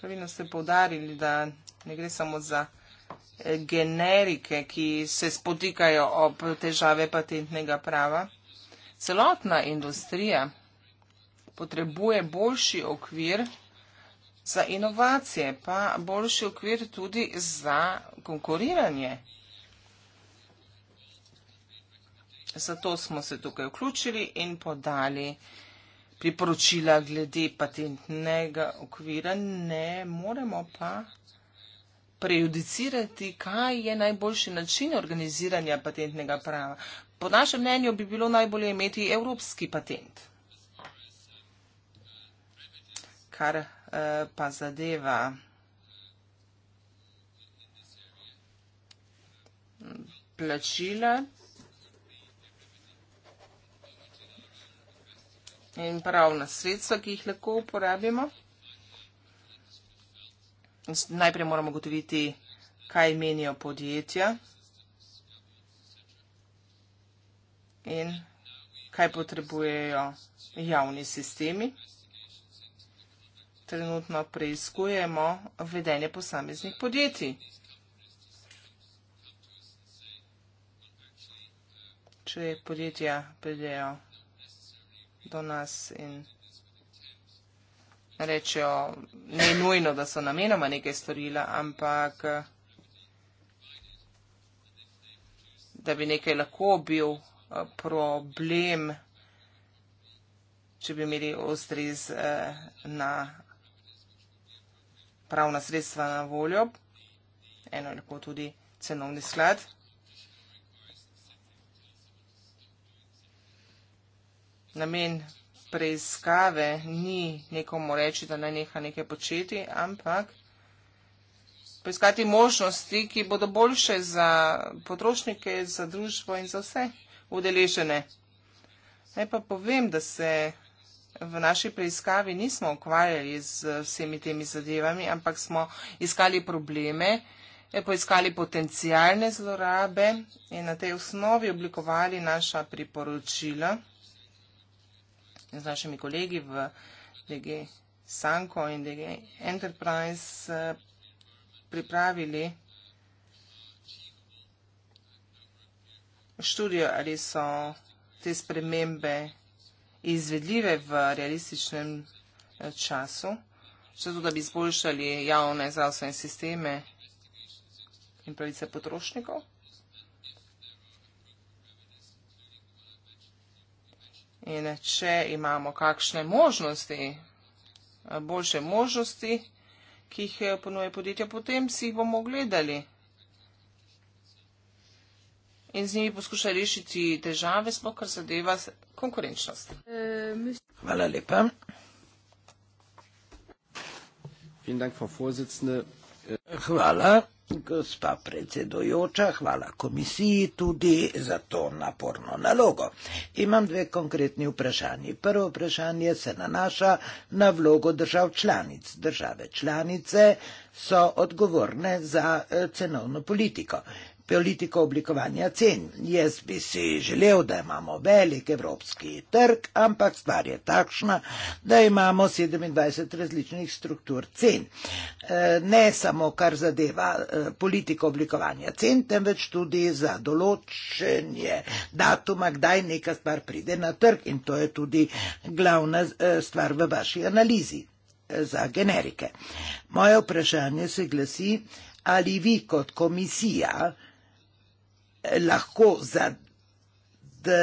Pravilno ste povdarili, da ne gre samo za generike, ki se spotikajo ob težave patentnega prava. Celotna industrija potrebuje boljši okvir za inovacije, pa boljši okvir tudi za konkuriranje. Zato smo se tukaj vključili in podali priporočila glede patentnega okvira. Ne moremo pa prejudicirati, kaj je najboljši način organiziranja patentnega prava. Po našem mnenju bi bilo najbolje imeti evropski patent. Kar uh, pa zadeva plačila in pravna sredstva, ki jih lahko uporabimo najprej moramo gotoviti, kaj menijo podjetja in kaj potrebujejo javni sistemi. Trenutno preizkujemo vedenje posameznih podjetij. Če podjetja pridejo do nas in podjetja, rečejo, ne nujno, da so namenoma nekaj storila, ampak da bi nekaj lahko bil problem, če bi imeli ostriz na pravna sredstva na voljo. Eno je lahko tudi cenovni sklad. Namen preiskave ni nekomu reči, da naj ne neha nekaj početi, ampak poiskati možnosti, ki bodo boljše za potrošnike, za družbo in za vse udeležene. Naj pa povem, da se v naši preiskavi nismo ukvarjali z vsemi temi zadevami, ampak smo iskali probleme, eh, poiskali potencijalne zlorabe in na tej osnovi oblikovali naša priporočila z našimi kolegi v DG Sanko in DG Enterprise eh, pripravili študijo, ali so te spremembe izvedljive v realističnem eh, času, če to, da bi izboljšali javne zdravstvene sisteme in pravice potrošnikov. In če imamo kakšne možnosti, boljše možnosti, ki jih eh, ponuje podjetja, potem si jih bomo ogledali in z njimi poskušali rešiti težave, smo kar zadeva konkurenčnost. Hvala lepa. Vielen Dank, Frau Vorsitzende. Hvala, gospa predsedojoča, hvala komisiji tudi za to naporno nalogo. Imam dve konkretni vprašanji. Prvo vprašanje se nanaša na vlogo držav članic. Države članice so odgovorne za eh, cenovno politiko politiko oblikovanja cen. Jaz bi si želel, da imamo velik evropski trg, ampak stvar je takšna, da imamo 27 različnih struktur cen. E, ne samo kar zadeva e, politiko oblikovanja cen, temveč tudi za določenje datuma, kdaj neka stvar pride na trg in to je tudi glavna e, stvar v vaši analizi za generike. Moje vprašanje se glasi, ali vi kot komisija, lahko za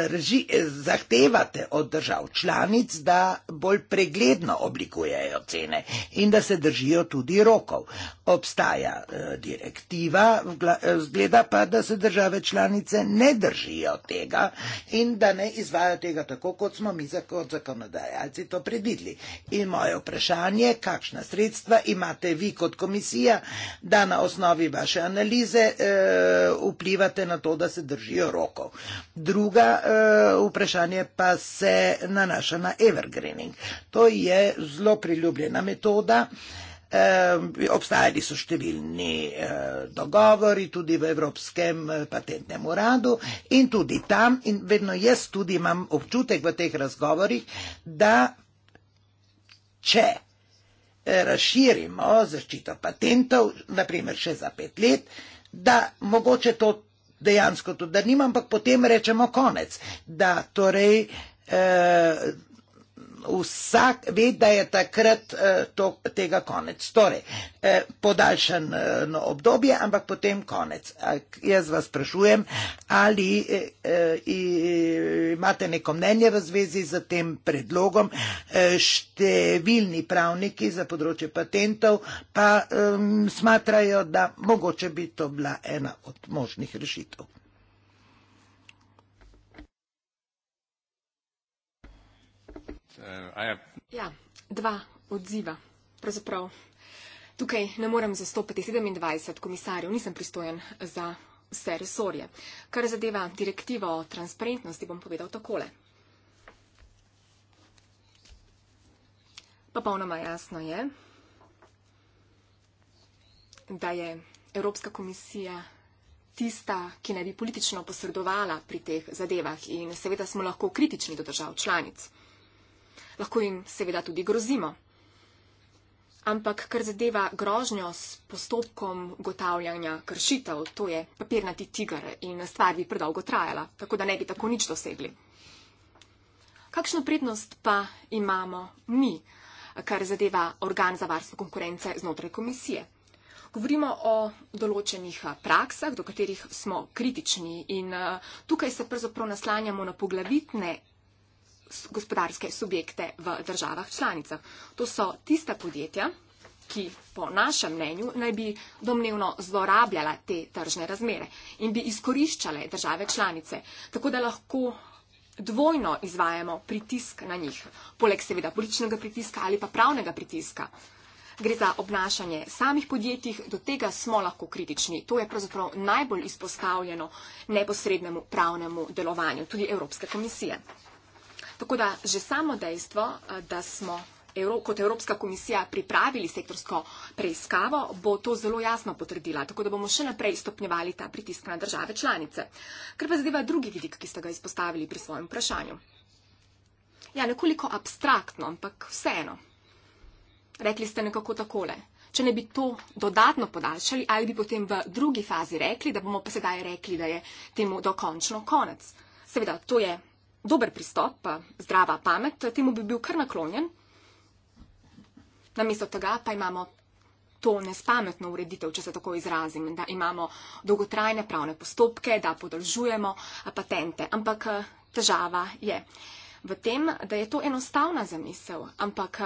drži, zahtevate od držav članic, da bolj pregledno oblikujejo cene in da se držijo tudi rokov. Obstaja eh, direktiva, eh, zgleda pa, da se države članice ne držijo tega in da ne izvajo tega tako, kot smo mi kot zakonodajalci to predvidli. In moje vprašanje, kakšna sredstva imate vi kot komisija, da na osnovi vaše analize e, vplivate na to, da se držijo rokov. Druga Eh, vprašanje pa se nanaša na evergreening. To je zelo priljubljena metoda. Eh, obstajali so številni eh, dogovori tudi v Evropskem patentnem uradu in tudi tam in vedno jaz tudi imam občutek v teh razgovorih, da če razširimo zaščito patentov, naprimer še za pet let, da mogoče to dejansko to, da nimam, ampak potem rečemo konec. Da torej eh, vsak ve, da je takrat eh, to, tega konec. Torej, eh, podaljšan eh, obdobje, ampak potem konec. Jaz vas sprašujem, ali imate neko mnenje v zvezi z tem predlogom. Številni pravniki za področje patentov pa ehm, smatrajo, da mogoče bi to bila ena od možnih rešitev. Eh, ja, dva odziva. Pravzaprav tukaj ne morem zastopiti 27 komisarjev, nisem pristojen za vse resorje. Kar zadeva direktivo o transparentnosti, bom povedal takole. Pa polnoma jasno je, da je Evropska komisija tista, ki naj bi politično posredovala pri teh zadevah in seveda smo lahko kritični do držav članic. Lahko jim seveda tudi grozimo. Ampak kar zadeva grožnjo s postopkom gotavljanja kršitev, to je papirnati tiger in stvar bi predolgo trajala, tako da ne bi tako nič dosegli. Kakšno prednost pa imamo mi, kar zadeva organ za varstvo konkurence znotraj komisije? Govorimo o določenih praksah, do katerih smo kritični in eh, tukaj se pravzaprav naslanjamo na poglavitne gospodarske subjekte v državah članicah. To so tista podjetja, ki po našem mnenju naj bi domnevno zlorabljala te tržne razmere in bi izkoriščale države članice, tako da lahko dvojno izvajamo pritisk na njih, poleg seveda političnega pritiska ali pa pravnega pritiska. Gre za obnašanje samih podjetij, do tega smo lahko kritični. To je pravzaprav najbolj izpostavljeno neposrednemu pravnemu delovanju, tudi Evropske komisije. Tako da že samo dejstvo, eh, da smo kot Evropska komisija pripravili sektorsko preiskavo, bo to zelo jasno potrdila, tako da bomo še naprej stopnjevali ta pritisk na države članice. Ker pa zadeva drugi vidik, ki ste ga izpostavili pri svojem vprašanju. Ja, nekoliko abstraktno, ampak vseeno. Rekli ste nekako takole. Če ne bi to dodatno podaljšali, ali bi potem v drugi fazi rekli, da bomo pa sedaj rekli, da je temu dokončno konec. Seveda, to je dober pristop, zdrava pamet, temu bi bil kar naklonjen. Namesto tega pa imamo to nespametno ureditev, če se tako izrazim, da imamo dolgotrajne pravne postopke, da podaljžujemo patente. Ampak težava je v tem, da je to enostavna zamisel, ampak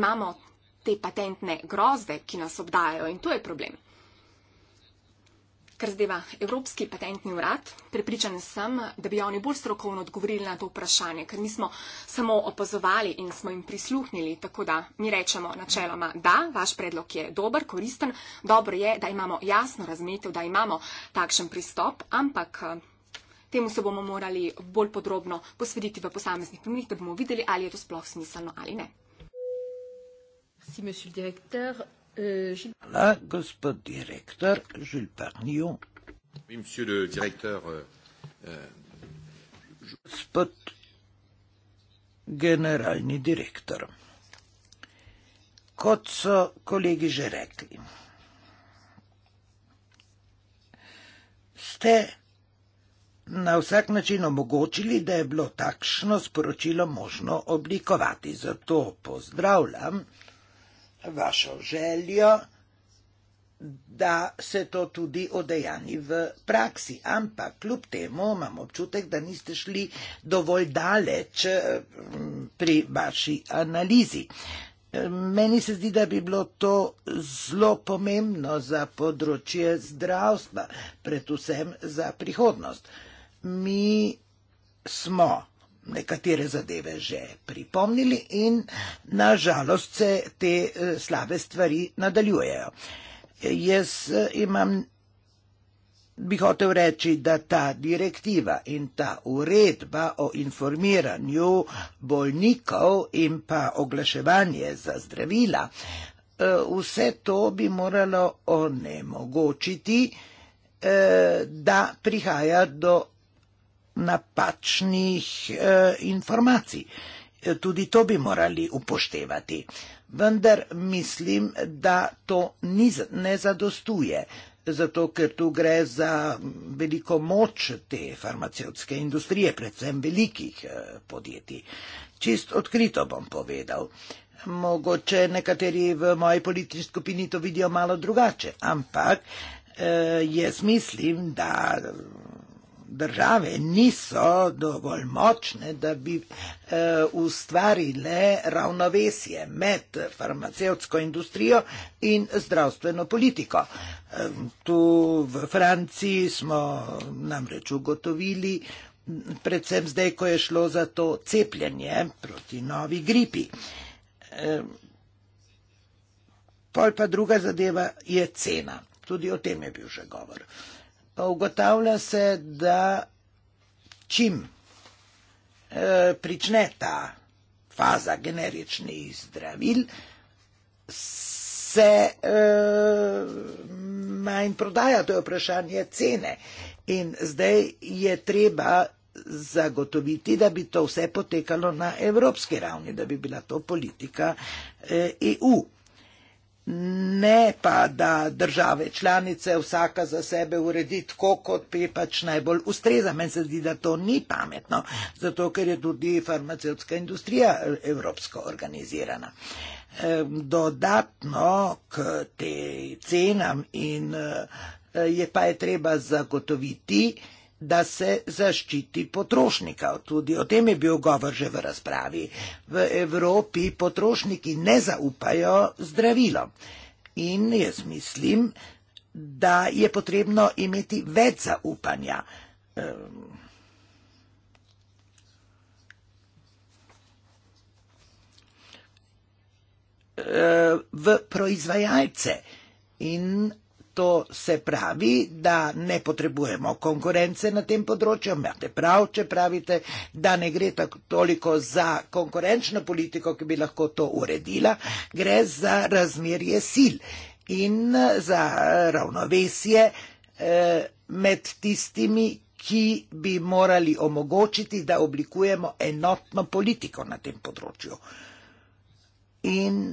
imamo te patentne grozde, ki nas obdajajo in to je problem kar zdeva Evropski patentni urad. Pripričana sem, da bi oni bolj strokovno odgovorili na to vprašanje, ker mi smo samo opazovali in smo jim prisluhnili, tako da mi rečemo načeloma, da vaš predlog je dober, koristen, dobro je, da imamo jasno razmetev, da imamo takšen pristop, ampak. Eh, temu se bomo morali bolj podrobno posvetiti v posameznih primerih, da bomo videli, ali je to sploh smiselno ali ne. Merci, Euh, Gilles... La gospod directeur Jules Parnion. Oui, monsieur le directeur. Euh, euh, je... Spot général ni directeur. Kot so kolegi že rekli, ste na vsak način omogočili, da je bilo takšno sporočilo možno oblikovati. Zato pozdravljam vašo željo, da se to tudi odejani v praksi. Ampak kljub temu imam občutek, da niste šli dovolj daleč eh, pri vaši analizi. Meni se zdi, da bi bilo to zelo pomembno za področje zdravstva, predvsem za prihodnost. Mi smo nekatere zadeve že pripomnili in nažalost se te eh, slabe stvari nadaljujejo. Jaz eh, imam, bi hotel reči, da ta direktiva in ta uredba o informiranju bolnikov in pa oglaševanje za zdravila, eh, vse to bi moralo onemogočiti, da prihaja do napačnih eh, informacij. Eh, tudi to bi morali upoštevati. Vendar mislim, da to ni, ne zadostuje, zato ker tu gre za veliko moč te farmacevtske industrije, predvsem velikih eh, podjetij. Čist odkrito bom povedal. Mogoče nekateri v moji politični skupini to vidijo malo drugače, ampak eh, jaz mislim, da države niso dovolj močne, da bi e, ustvarile ravnovesje med farmacevtsko industrijo in zdravstveno politiko. E, tu v Franciji smo namreč ugotovili, predvsem zdaj, ko je šlo za to cepljenje proti novi gripi. E, pol pa druga zadeva je cena. Tudi o tem je bil že govor. E, ugotavlja se, da čim e, prične ta faza generičnih zdravil, se e, manj prodaja, to je vprašanje cene. In zdaj je treba zagotoviti, da bi to vse potekalo na evropski ravni, da bi bila to politika eh, e, EU ne pa, da države članice vsaka za sebe uredi tako, kot bi pač najbolj ustreza. Meni se zdi, da to ni pametno, zato ker je tudi farmacevtska industrija eh, evropsko organizirana. Dodatno k te cenam in eh, je pa je treba zagotoviti, da se zaščiti potrošnika. Tudi o tem je bil govor že v razpravi. V Evropi potrošniki ne zaupajo zdravilom. In jaz mislim, da je potrebno imeti več zaupanja. Um, V proizvajalce in To se pravi, da ne potrebujemo konkurence na tem področju, imate prav, če pravite, da ne gre tako toliko za konkurenčno politiko, ki bi lahko to uredila, gre za razmerje sil in za ravnovesje eh, med tistimi, ki bi morali omogočiti, da oblikujemo enotno politiko na tem področju. In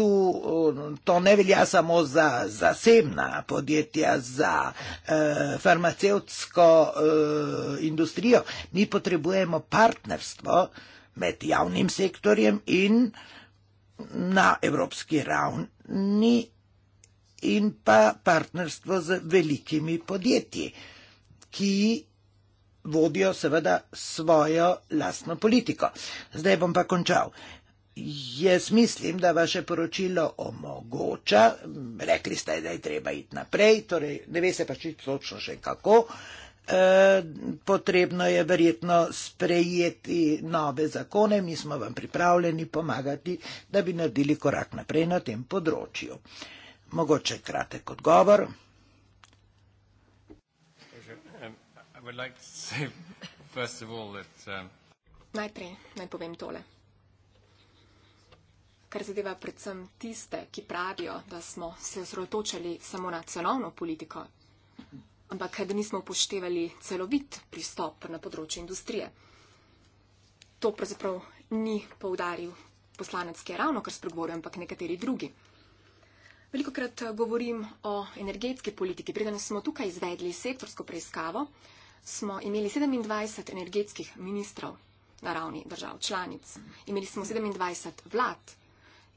tu, to ne velja samo za zasebna podjetja, za eh, farmacevtsko eh, industrijo. Mi potrebujemo partnerstvo med javnim sektorjem in na evropski ravni in pa partnerstvo z velikimi podjetji, ki vodijo seveda svojo lastno politiko. Zdaj bom pa končal. Jaz mislim, da vaše poročilo omogoča, rekli ste, da je treba iti naprej, torej ne ve se pa čisto točno še kako. E, potrebno je verjetno sprejeti nove zakone, mi smo vam pripravljeni pomagati, da bi naredili korak naprej na tem področju. Mogoče kratek odgovor. Um, Najprej naj povem tole kar zadeva predvsem tiste, ki pravijo, da smo se osredotočali samo na cenovno politiko, ampak da nismo upoštevali celovit pristop na področju industrije. To pravzaprav ni poudaril poslanec, ki je ravno kar spregovoril, ampak nekateri drugi. Veliko krat eh, govorim o energetski politiki. Preden smo tukaj izvedli sektorsko preiskavo, smo imeli 27 energetskih ministrov na ravni držav članic. Imeli smo 27 vlad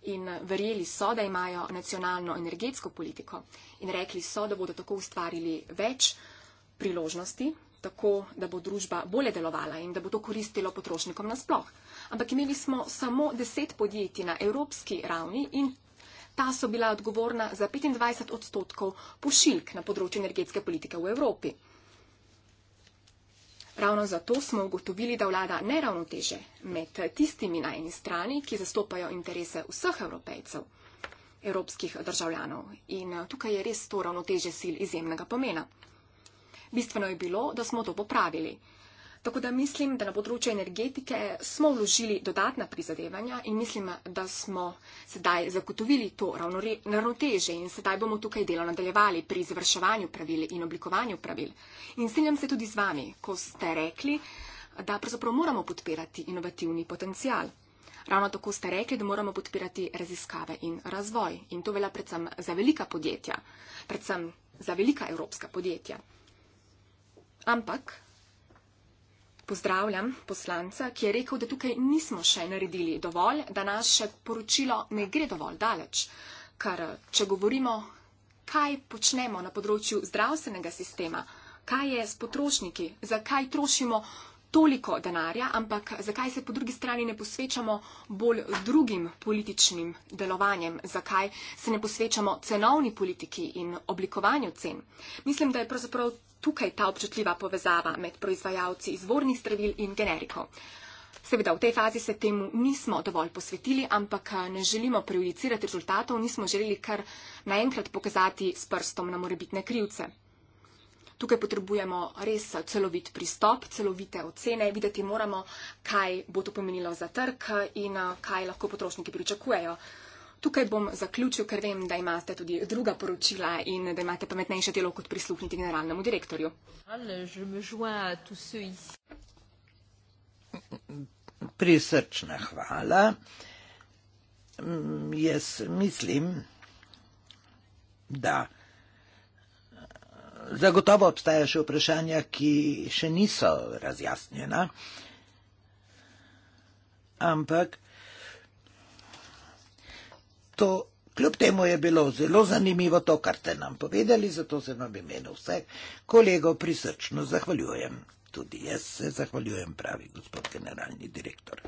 in verjeli so, da imajo nacionalno energetsko politiko in rekli so, da bodo tako ustvarili več priložnosti, tako da bo družba bolje delovala in da bo to koristilo potrošnikom nasploh. Ampak imeli smo samo deset podjetij na evropski ravni in ta so bila odgovorna za 25 odstotkov pošiljk na področju energetske politike v Evropi. Ravno zato smo ugotovili, da vlada neravnoteže med tistimi na eni strani, ki zastopajo interese vseh evropejcev, evropskih državljanov. In eh, tukaj je res to ravnoteže sil izjemnega pomena. Bistveno je bilo, da smo to popravili. Tako da mislim, da na področju energetike smo vložili dodatna prizadevanja in mislim, da smo sedaj zagotovili to ravnoteže in sedaj bomo tukaj delo nadaljevali pri izvrševanju pravil in oblikovanju pravil. In strinjam se tudi z vami, ko ste rekli, da pravzaprav moramo podpirati inovativni potencial. Ravno tako ste rekli, da moramo podpirati raziskave in razvoj. In to velja predvsem za velika podjetja, predvsem za velika evropska podjetja. Ampak Pozdravljam poslanca, ki je rekel, da tukaj nismo še naredili dovolj, da naše poročilo ne gre dovolj daleč. Ker, če govorimo, kaj počnemo na področju zdravstvenega sistema, kaj je s potrošniki, zakaj trošimo toliko denarja, ampak zakaj se po drugi strani ne posvečamo bolj drugim političnim delovanjem, zakaj se ne posvečamo cenovni politiki in oblikovanju cen. Mislim, da je pravzaprav tukaj ta občutljiva povezava med proizvajalci izvornih zdravil in generikov. Seveda v tej fazi se temu nismo dovolj posvetili, ampak ne želimo prejudicirati rezultatov, nismo želeli kar naenkrat pokazati s prstom na morebitne krivce. Tukaj potrebujemo res celovit pristop, celovite ocene, videti moramo, kaj bo to pomenilo za trg in eh, kaj lahko potrošniki pričakujejo. Tukaj bom zaključil, ker vem, da imate tudi druga poročila in da imate pametnejše telo kot prisluhniti generalnemu direktorju. Prisrčna hvala. Mm, jaz mislim, da. Zagotovo obstajajo še vprašanja, ki še niso razjasnjena. Ampak to, kljub temu je bilo zelo zanimivo to, kar ste nam povedali, zato se vam imenu vseh kolegov prisrčno zahvaljujem. Tudi jaz se zahvaljujem, pravi gospod generalni direktor.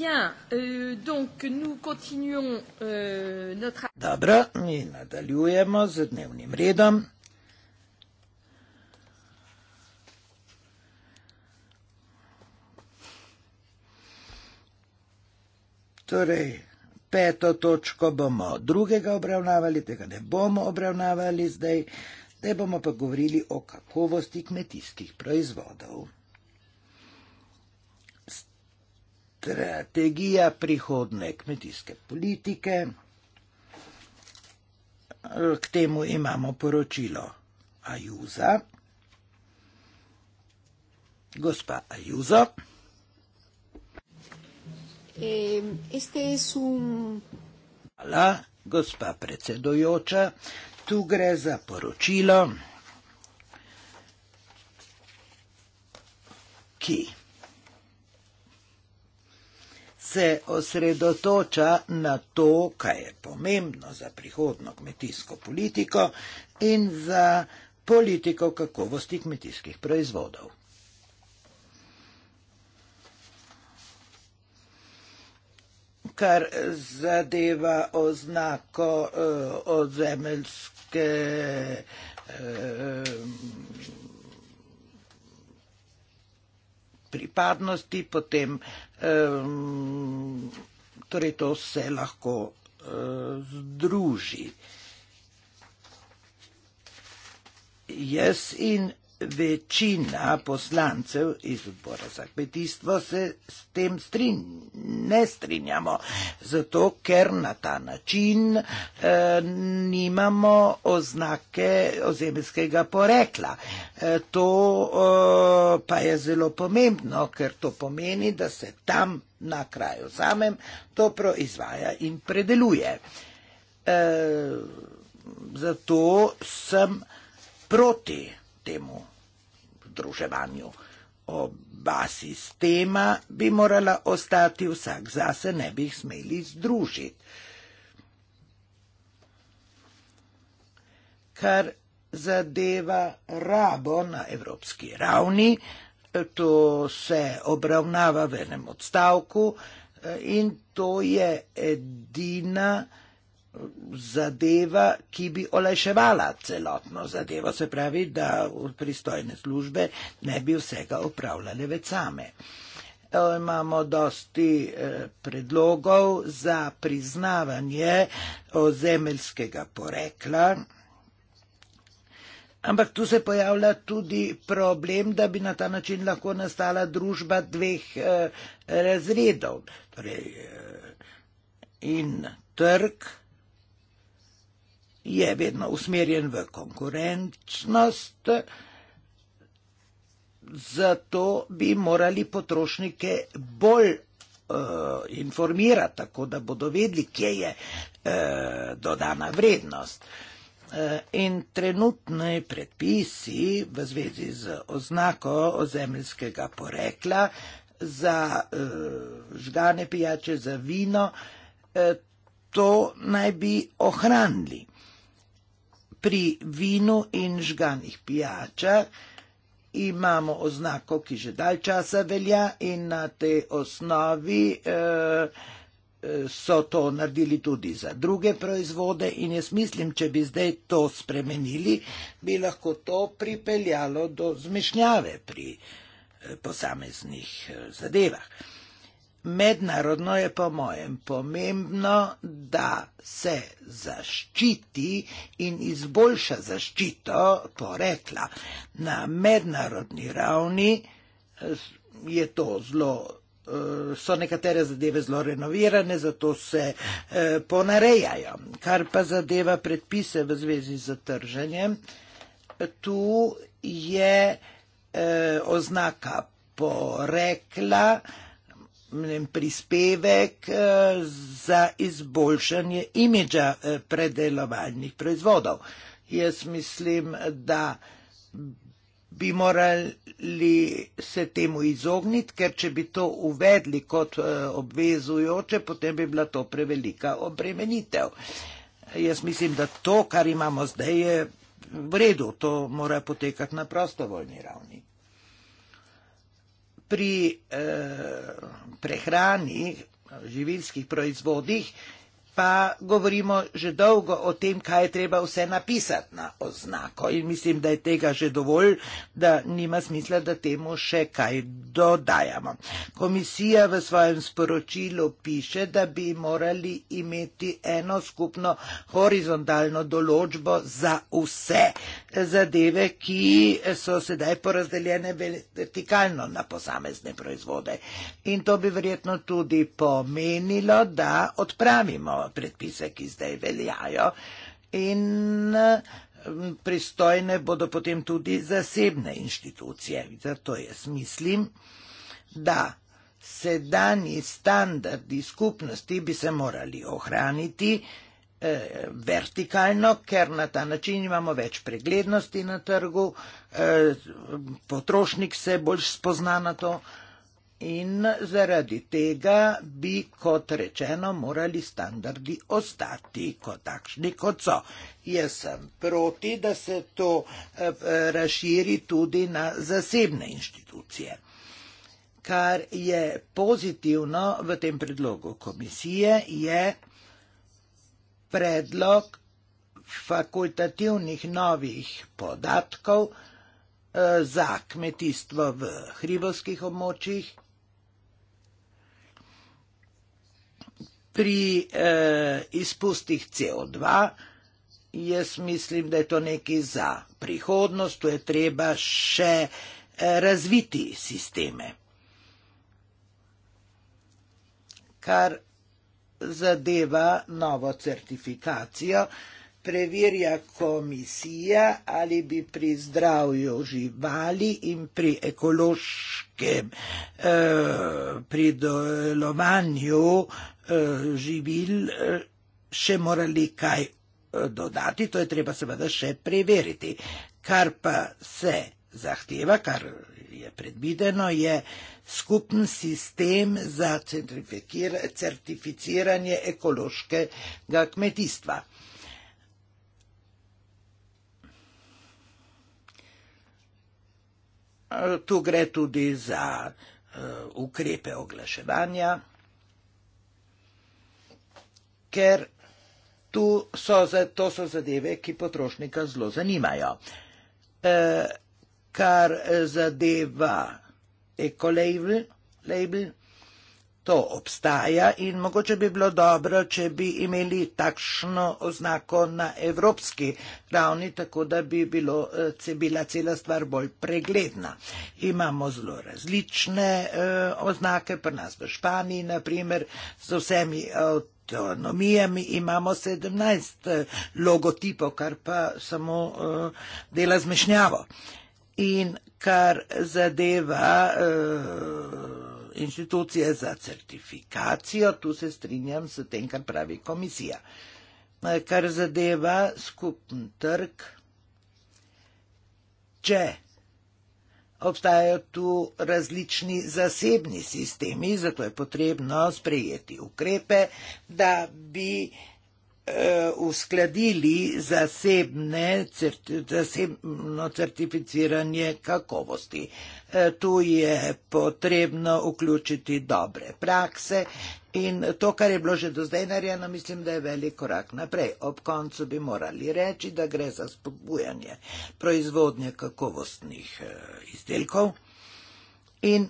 Bien, euh, donc nous continuons euh, notre... Dobro, mi nadaljujemo z dnevnim redom. Torej, peto točko bomo drugega obravnavali, tega ne bomo obravnavali zdaj, zdaj bomo pa govorili o kakovosti kmetijskih proizvodov. strategija prihodne kmetijske politike. K temu imamo poročilo Ajuza. Gospa Ajuza. Este es un... Hvala, gospa predsedojoča. Tu gre za poročilo, ki se osredotoča na to, kaj je pomembno za prihodno kmetijsko politiko in za politiko kakovosti kmetijskih proizvodov. Kar zadeva oznako eh, od zemeljske eh, pripadnosti, potem torej to se lahko eh, združi. Jaz in večina poslancev iz odbora za kmetijstvo se s tem strin, ne strinjamo, zato ker na ta način e, nimamo oznake ozemljskega porekla. E, to e, pa je zelo pomembno, ker to pomeni, da se tam na kraju samem to proizvaja in predeluje. E, zato sem proti temu združevanju. Oba sistema bi morala ostati vsak zase, ne bi jih smeli združiti. Kar zadeva rabo na evropski ravni, to se obravnava v enem odstavku eh, in to je edina zadeva, ki bi olajševala celotno zadevo, se pravi, da pristojne službe ne bi vsega upravljale več same. E, imamo dosti e, predlogov za priznavanje ozemeljskega porekla. Ampak tu se pojavlja tudi problem, da bi na ta način lahko nastala družba dveh eh, razredov. Torej, eh, in trg, eh, je vedno usmerjen v konkurenčnost, zato bi morali potrošnike bolj uh, informirati, tako da bodo vedli, kje je uh, dodana vrednost. Eh, in trenutni predpisi v zvezi z oznako ozemljskega porekla za uh, žgane pijače, za vino, uh, to naj bi ohranili pri vinu in žganih pijačah imamo oznako, ki že dalj časa velja in na tej osnovi eh, eh, so to naredili tudi za druge proizvode in jaz mislim, če bi zdaj to spremenili, bi lahko to pripeljalo do zmešnjave pri eh, posameznih zadevah mednarodno je po mojem pomembno, da se zaščiti in izboljša zaščito porekla. Na mednarodni ravni eh, je to zelo. Eh, so nekatere zadeve zelo renovirane, zato se eh, ponarejajo. Kar pa zadeva predpise v zvezi z trženjem, tu je oznaka porekla eh, vem, prispevek eh, za izboljšanje imidža eh, predelovalnih proizvodov. Jaz mislim, da bi morali se temu izogniti, ker če bi to uvedli kot eh, obvezujoče, potem bi bila to prevelika obremenitev. Jaz mislim, da to, kar imamo zdaj, je v redu, to mora potekati na prostovoljni ravni pri eh, prehrani, živilskih proizvodih, pa govorimo že dolgo o tem, kaj je treba vse napisati na oznako in mislim, da je tega že dovolj, da nima smisla, da temu še kaj dodajamo. Komisija v svojem sporočilu piše, da bi morali imeti eno skupno horizontalno določbo za vse zadeve, ki so sedaj porazdeljene vertikalno na posamezne proizvode. In to bi verjetno tudi pomenilo, da odpravimo predpise, ki zdaj veljajo in eh, pristojne bodo potem tudi zasebne inštitucije. Zato jaz mislim, da sedanji standardi skupnosti bi se morali ohraniti eh, vertikalno, ker na ta način imamo več preglednosti na trgu, eh, potrošnik se bolj spozna na to, in zaradi tega bi, kot rečeno, morali standardi ostati kot takšni, kot so. Jaz sem proti, da se to eh, razširi tudi na zasebne inštitucije. Kar je pozitivno v tem predlogu komisije, je predlog fakultativnih novih podatkov eh, za kmetijstvo v hribovskih območjih pri eh, izpustih CO2, jaz mislim, da je to nekaj za prihodnost, tu je treba še eh, razviti sisteme. Kar zadeva novo certifikacijo, eh, preverja komisija, ali bi pri zdravju živali in pri ekološkem eh, pridelovanju eh, živil eh, še morali kaj dodati, to je treba seveda še preveriti. Kar pa se zahteva, kar je predvideno, je skupen sistem za certificiranje ekološkega kmetijstva. Tu gre tudi za uh, ukrepe oglaševanja, ker so za, to so zadeve, ki potrošnika zelo zanimajo. Uh, kar eh, zadeva ekolabel, to obstaja in mogoče bi bilo dobro, če bi imeli takšno oznako na evropski ravni, tako da bi bilo, se eh, bila cela stvar bolj pregledna. Imamo zelo različne eh, oznake, pri nas v Španiji, naprimer, z vsemi avtonomijami imamo 17 eh, logotipov, kar pa samo eh, dela zmešnjavo. In kar zadeva. Eh, inštitucije za certifikacijo, tu se strinjam s tem, kar pravi komisija. Eh, kar zadeva skupen trg, če obstajajo tu različni zasebni sistemi, zato je potrebno sprejeti ukrepe, da bi Eh, uskladili zasebne, certi, zasebno certificiranje kakovosti. Eh, tu je potrebno vključiti dobre prakse in to, kar je bilo že do zdaj narejeno, mislim, da je velik korak naprej. Ob koncu bi morali reči, da gre za spodbujanje proizvodnje kakovostnih eh, izdelkov in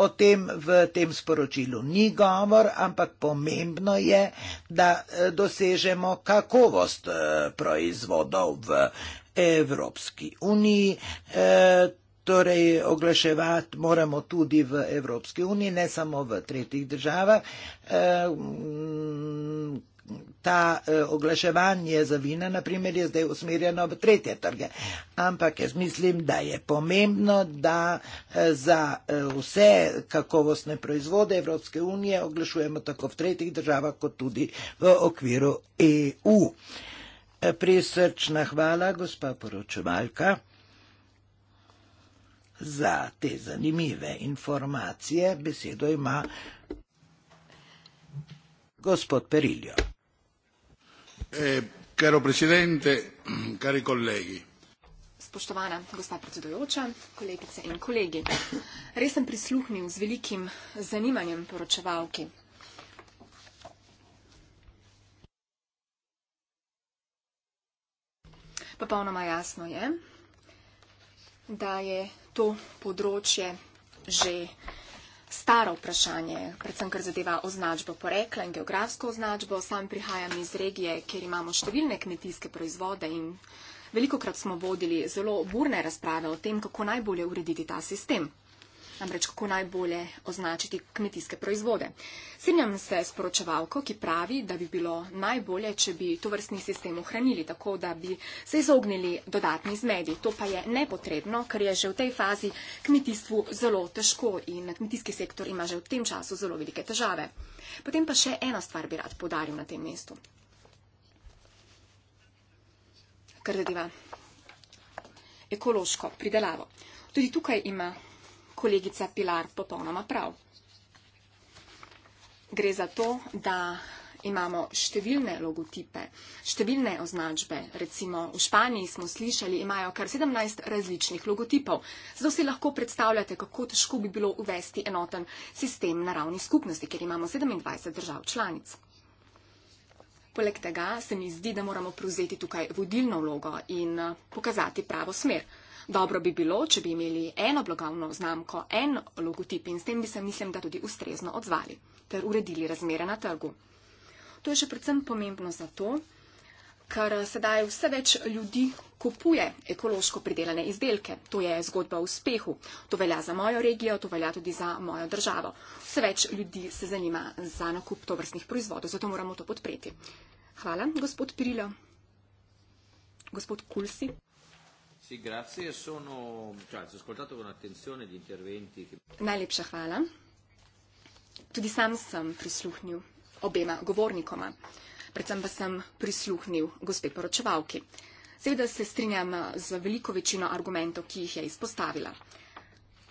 o tem v tem sporočilu ni govor, ampak pomembno je, da eh, dosežemo kakovost eh, proizvodov v Evropski uniji. Eh, torej, oglaševati moramo tudi v Evropski uniji, ne samo v tretjih državah ta eh, oglaševanje za vina, naprimer, je zdaj usmerjeno v tretje trge. Ampak jaz mislim, da je pomembno, da eh, za eh, vse kakovostne proizvode Evropske unije oglašujemo tako v tretjih državah, kot tudi v okviru EU. Prisrčna hvala, gospa poročevalka, za te zanimive informacije. Besedo ima gospod Periljo. Eh, caro presidente, cari colleghi. Spoštovana gospa predsedujoča, kolegice in kolegi. Res sem prisluhnil z velikim zanimanjem poročevalki. Popolnoma jasno je, da je to področje že staro vprašanje, predvsem kar zadeva označbo porekla in geografsko označbo. Sam prihajam iz regije, kjer imamo številne kmetijske proizvode in velikokrat smo vodili zelo burne razprave o tem, kako najbolje urediti ta sistem namreč kako najbolje označiti kmetijske proizvode. Srinjam se s poročevalko, ki pravi, da bi bilo najbolje, če bi to vrstni sistem ohranili, tako da bi se izognili dodatni zmedi. To pa je nepotrebno, ker je že v tej fazi kmetijstvu zelo težko in kmetijski sektor ima že v tem času zelo velike težave. Potem pa še ena stvar bi rad podaril na tem mestu. Krdediva. Ekološko pridelavo. Tudi tukaj ima kolegica Pilar popolnoma prav. Gre za to, da imamo številne logotipe, številne označbe. Recimo v Španiji smo slišali, imajo kar 17 različnih logotipov. Zato si lahko predstavljate, kako težko bi bilo uvesti enoten sistem na ravni skupnosti, ker imamo 27 držav članic. Poleg tega se mi zdi, da moramo prevzeti tukaj vodilno vlogo in eh, pokazati pravo smer. Dobro bi bilo, če bi imeli eno blagovno znamko, en logotip in s tem bi se, mislim, da tudi ustrezno odzvali ter uredili razmere na trgu. To je še predvsem pomembno zato, ker eh, sedaj vse več ljudi kupuje ekološko pridelane izdelke. To je zgodba o uspehu. To velja za mojo regijo, to velja tudi za mojo državo. Vse več ljudi se zanima za nakup tovrstnih proizvodov, zato moramo to podpreti. Hvala, gospod Pirilo. Gospod Kulsi. Sì, grazie. Sono, cioè, ho ascoltato con attenzione gli interventi. Che... Najlepša hvala. Tudi sam sem prisluhnil obema govornikoma. Predvsem pa sem prisluhnil gospe poročevalki. Seveda se strinjam z veliko večino argumentov, ki jih je izpostavila.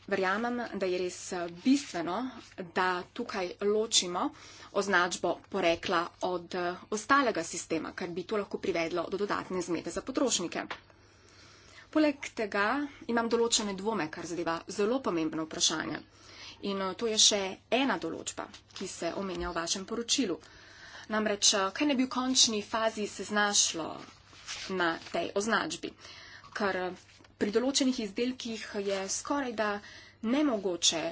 Verjamem, da je res bistveno, da tukaj ločimo označbo porekla od ostalega sistema, kar bi to lahko privedlo do dodatne zmede za potrošnike. Poleg tega imam določene dvome, kar zadeva zelo pomembno vprašanje. In eh, to je še ena določba, ki se omenja v vašem poročilu. Namreč, eh, kaj ne bi v končni fazi se znašlo na tej označbi? Ker eh, pri določenih izdelkih je skoraj da nemogoče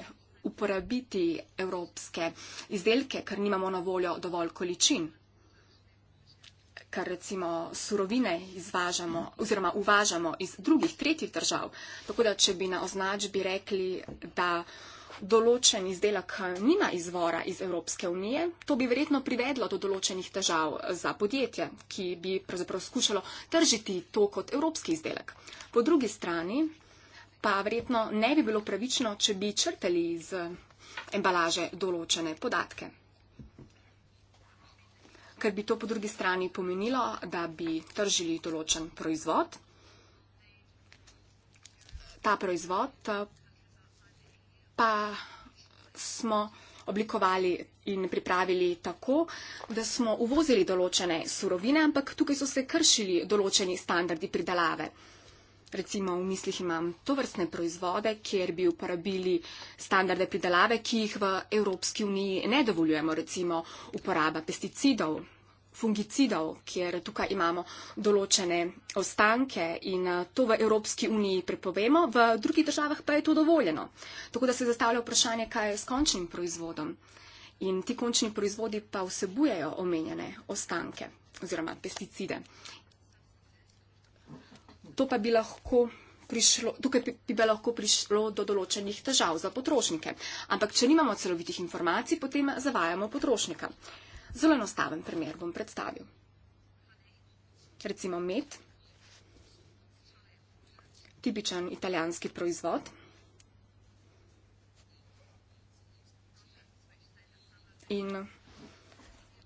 uporabiti evropske izdelke, ker nimamo na voljo dovolj količin kar recimo surovine izvažamo oziroma uvažamo iz drugih, tretjih držav. Tako da, če bi na označbi rekli, da določen izdelek nima izvora iz Evropske unije, to bi verjetno privedlo do določenih težav za podjetje, ki bi pravzaprav skušalo tržiti to kot evropski izdelek. Po drugi strani pa verjetno ne bi bilo pravično, če bi črtali iz embalaže določene podatke ker bi to po drugi strani pomenilo, da bi tržili določen proizvod. Ta proizvod eh, pa smo oblikovali in pripravili tako, da smo uvozili določene surovine, ampak tukaj so se kršili določeni standardi pridelave. Recimo v mislih imam to vrstne proizvode, kjer bi uporabili standarde pridelave, ki jih v Evropski uniji ne dovoljujemo, recimo uporaba pesticidov, fungicidov, kjer tukaj imamo določene ostanke in eh, to v Evropski uniji prepovemo, v drugih državah pa je to dovoljeno. Tako da se zastavlja vprašanje, kaj je s končnim proizvodom. In ti končni proizvodi pa vsebujejo omenjene ostanke oziroma pesticide to pa bi lahko. Prišlo, tukaj bi, bi lahko prišlo do določenih težav za potrošnike. Ampak, če nimamo celovitih informacij, potem zavajamo potrošnika. Zelo enostaven primer bom predstavil. Recimo med, tipičen italijanski proizvod. In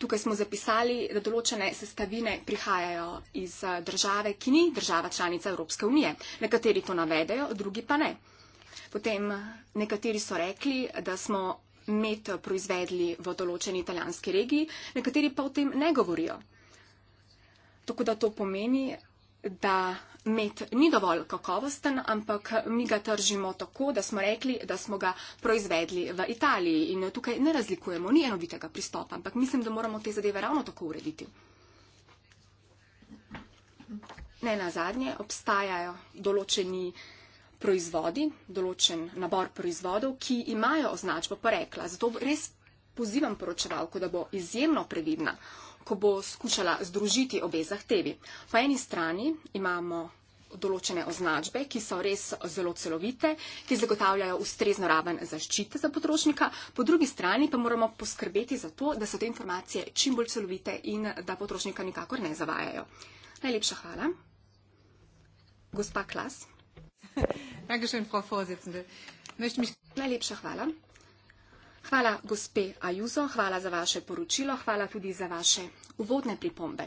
Tukaj smo zapisali, da določene sestavine prihajajo iz eh, države, ki ni država članica Evropske unije. Nekateri to navedajo, drugi pa ne. Potem eh, nekateri so rekli, da smo med proizvedli v določeni italijanski regiji, nekateri pa o tem ne govorijo. Tako da to pomeni, da med ni dovolj kakovosten, ampak mi ga tržimo tako, da smo rekli, da smo ga proizvedli v Italiji in tukaj ne razlikujemo, ni enovitega pristopa, ampak mislim, da moramo te zadeve ravno tako urediti. Ne na zadnje, obstajajo določeni proizvodi, določen nabor proizvodov, ki imajo označbo porekla. Zato res pozivam poročevalko, da bo izjemno previdna ko bo skušala združiti obe zahtevi. Po eni strani imamo določene označbe, ki so res zelo celovite, ki zagotavljajo ustrezno raven zaščite za potrošnika, po drugi strani pa moramo poskrbeti za to, da so te informacije čim bolj celovite in da potrošnika nikakor ne zavajajo. Najlepša hvala. Gospa Klas. Najlepša hvala. Hvala, gospe Ajuzo, hvala za vaše poročilo, hvala tudi za vaše uvodne pripombe.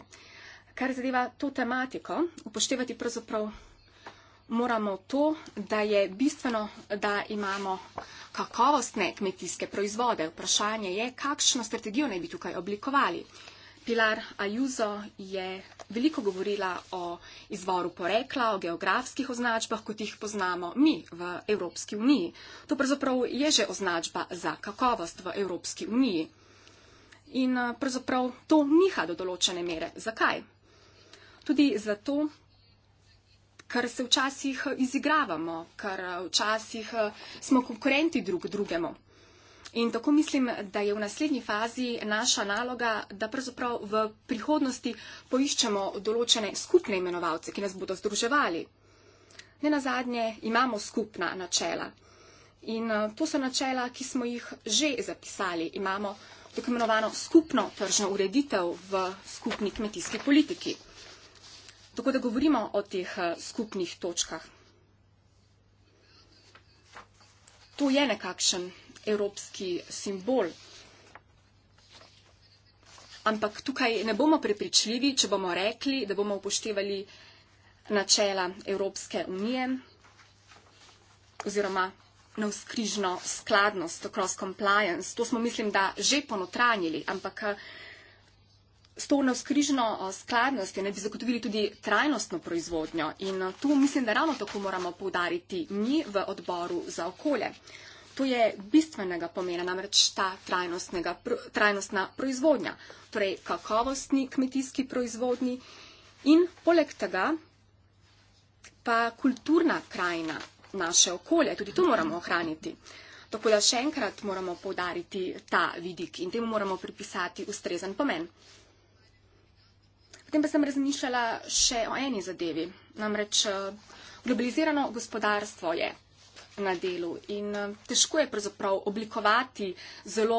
Kar zadeva to tematiko, upoštevati pravzaprav moramo to, da je bistveno, da imamo kakovostne kmetijske proizvode. Vprašanje je, kakšno strategijo naj bi tukaj oblikovali. Pilar Ajuzo je veliko govorila o izvoru porekla, o geografskih označbah, kot jih poznamo mi v Evropski uniji. To pravzaprav je že označba za kakovost v Evropski uniji. In eh, pravzaprav to niha do določene mere. Zakaj? Tudi zato, ker se včasih eh, izigravamo, ker eh, včasih smo konkurenti drug drugemu. In tako mislim, da je v naslednji fazi naša naloga, da pravzaprav v prihodnosti poiščemo določene skupne imenovalce, ki nas bodo združevali. Ne na zadnje imamo skupna načela. In eh, to so načela, ki smo jih že zapisali. Imamo tako imenovano skupno tržno ureditev v skupni kmetijski politiki. Tako da govorimo o teh eh, skupnih točkah. To je nekakšen evropski simbol. Ampak tukaj ne bomo prepričljivi, če bomo rekli, da bomo upoštevali načela Evropske unije oziroma navskrižno skladnost, to cross compliance. To smo, mislim, da že ponotranjili, ampak eh, s to navskrižno eh, skladnostjo ne bi zagotovili tudi trajnostno proizvodnjo. In eh, tu mislim, da ravno tako moramo povdariti mi v odboru za okolje. Uh, Tu je bistvenega pomena namreč ta trajnostna proizvodnja, torej kakovostni kmetijski proizvodni in poleg tega pa kulturna krajina naše okolje, tudi to moramo ohraniti. Tako da še enkrat moramo povdariti ta vidik in temu moramo pripisati ustrezen pomen. Potem pa sem razmišljala še o eni zadevi. Namreč eh, globalizirano gospodarstvo je na delu. In eh, težko je pravzaprav oblikovati zelo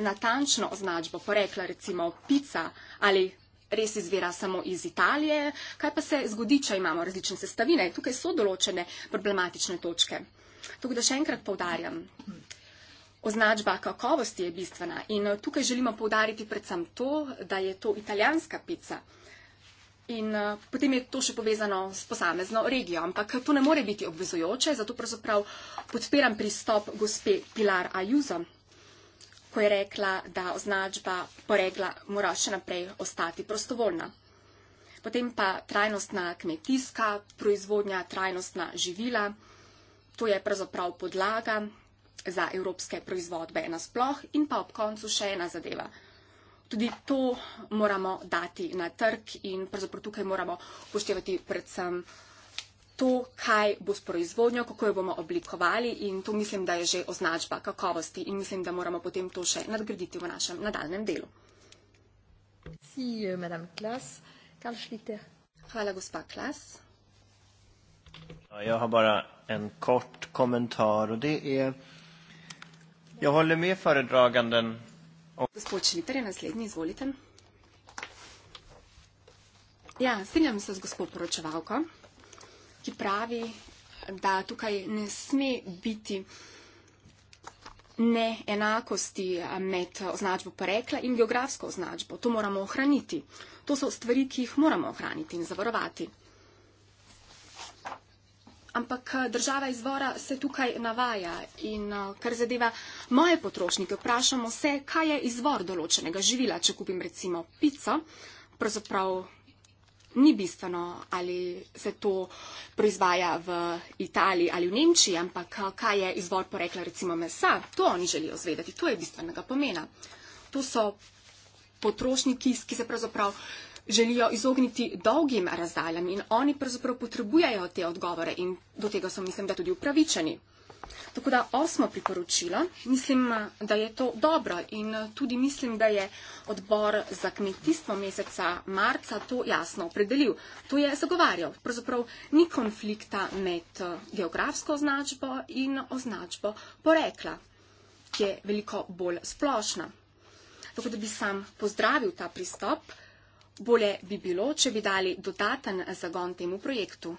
natančno označbo, porekla recimo pica ali res izvira samo iz Italije. Kaj pa se zgodi, če imamo različne sestavine? Tukaj so določene problematične točke. Tako da še enkrat povdarjam. Označba kakovosti je bistvena in eh, tukaj želimo povdariti predvsem to, da je to italijanska pica. In uh, potem je to še povezano s posamezno regijo, ampak to ne more biti obvezujoče, zato pravzaprav podpiram pristop gospe Pilar Ajuzo, ko je rekla, da označba poregla mora še naprej ostati prostovoljna. Potem pa trajnostna kmetijska proizvodnja, trajnostna živila, to je pravzaprav podlaga za evropske proizvodbe nasploh in pa ob koncu še ena zadeva tudi to moramo dati na trg in pravzaprav tukaj moramo upoštevati predvsem to, kaj bo s proizvodnjo, kako jo bomo oblikovali in to mislim, da je že označba kakovosti in mislim, da moramo potem to še nadgraditi v našem nadaljem delu. Si, euh, Klas. Hvala, gospa Klas. Ja, jag har bara en kort kommentar och det är, jag håller med föredraganden Gospod Šliter je naslednji, izvolite. Ja, strinjam se z gospod poročevalko, ki pravi, da tukaj ne sme biti neenakosti eh, med označbo porekla in geografsko označbo. To moramo ohraniti. To so stvari, ki jih moramo ohraniti in zavarovati ampak eh, država izvora se tukaj navaja in eh, kar zadeva moje potrošnike, vprašamo se, kaj je izvor določenega živila, če kupim recimo pico, pravzaprav ni bistveno, ali se to proizvaja v Italiji ali v Nemčiji, ampak eh, kaj je izvor porekla recimo mesa, to oni želijo zvedati, to je bistvenega pomena. To so potrošniki, ki se pravzaprav želijo izogniti dolgim razdaljam in oni pravzaprav potrebujejo te odgovore in do tega so, mislim, da tudi upravičeni. Tako da osmo priporočilo, mislim, da je to dobro in eh, tudi mislim, da je odbor za kmetijstvo meseca marca to jasno opredelil. To je zagovarjal. Pravzaprav ni konflikta med eh, geografsko označbo in označbo porekla, ki je veliko bolj splošna. Tako da bi sam pozdravil ta pristop bolje bi bilo, če bi dali dodaten zagon temu projektu.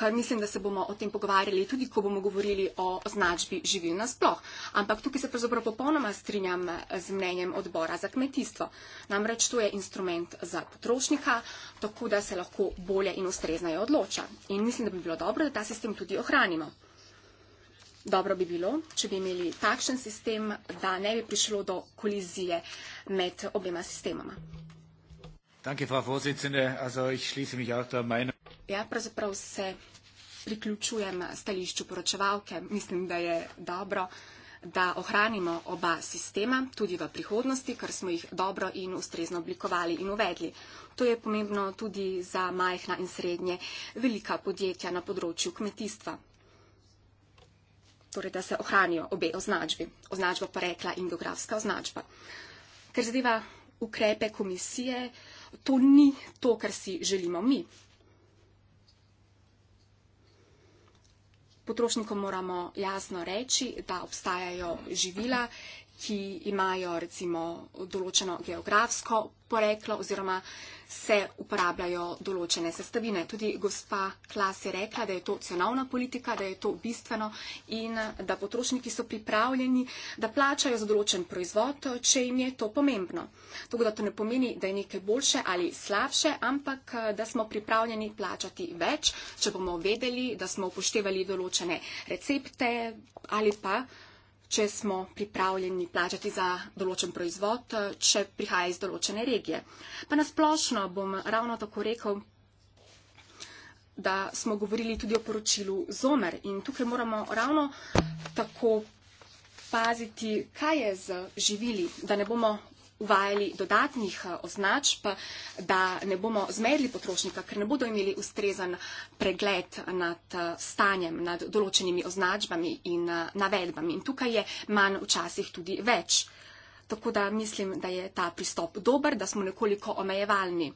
Kar mislim, da se bomo o tem pogovarjali tudi, ko bomo govorili o označbi živil nasploh. Ampak tukaj se pravzaprav popolnoma strinjam z mnenjem odbora za kmetijstvo. Namreč to je instrument za potrošnika, tako da se lahko bolje in ustreznaje odloča. In mislim, da bi bilo dobro, da ta sistem tudi ohranimo. Dobro bi bilo, če bi imeli takšen sistem, da ne bi prišlo do kolizije med obema sistemama. Danke, Frau Vorsitzende. Also ich schließe mich auch der Meinung. Ja, pravzaprav se priključujem stališču poročevalke. Mislim, da je dobro, da ohranimo oba sistema tudi v prihodnosti, ker smo jih dobro in ustrezno oblikovali in uvedli. To je pomembno tudi za majhna in srednje velika podjetja na področju kmetijstva. Torej, da se ohranijo obe označbi, označba porekla in geografska označba. Ker zadeva ukrepe komisije, to ni to, kar si želimo mi. Potrošnikom moramo jasno reči, da obstajajo živila, ki imajo recimo določeno geografsko poreklo oziroma se uporabljajo določene sestavine. Tudi gospa Klas je rekla, da je to cenovna politika, da je to bistveno in da potrošniki so pripravljeni, da plačajo za določen proizvod, če jim je to pomembno. Tako da to ne pomeni, da je nekaj boljše ali slabše, ampak da smo pripravljeni plačati več, če bomo vedeli, da smo upoštevali določene recepte ali pa če smo pripravljeni plačati za določen proizvod, če prihaja iz določene regije. Pa nasplošno bom ravno tako rekel, da smo govorili tudi o poročilu ZOMER in tukaj moramo ravno tako paziti, kaj je z živili, da ne bomo uvajali dodatnih eh, označb, da ne bomo zmedli potrošnika, ker ne bodo imeli ustrezan pregled nad eh, stanjem, nad določenimi označbami in eh, navedbami. In tukaj je manj včasih tudi več. Tako da mislim, da je ta pristop dober, da smo nekoliko omejevalni.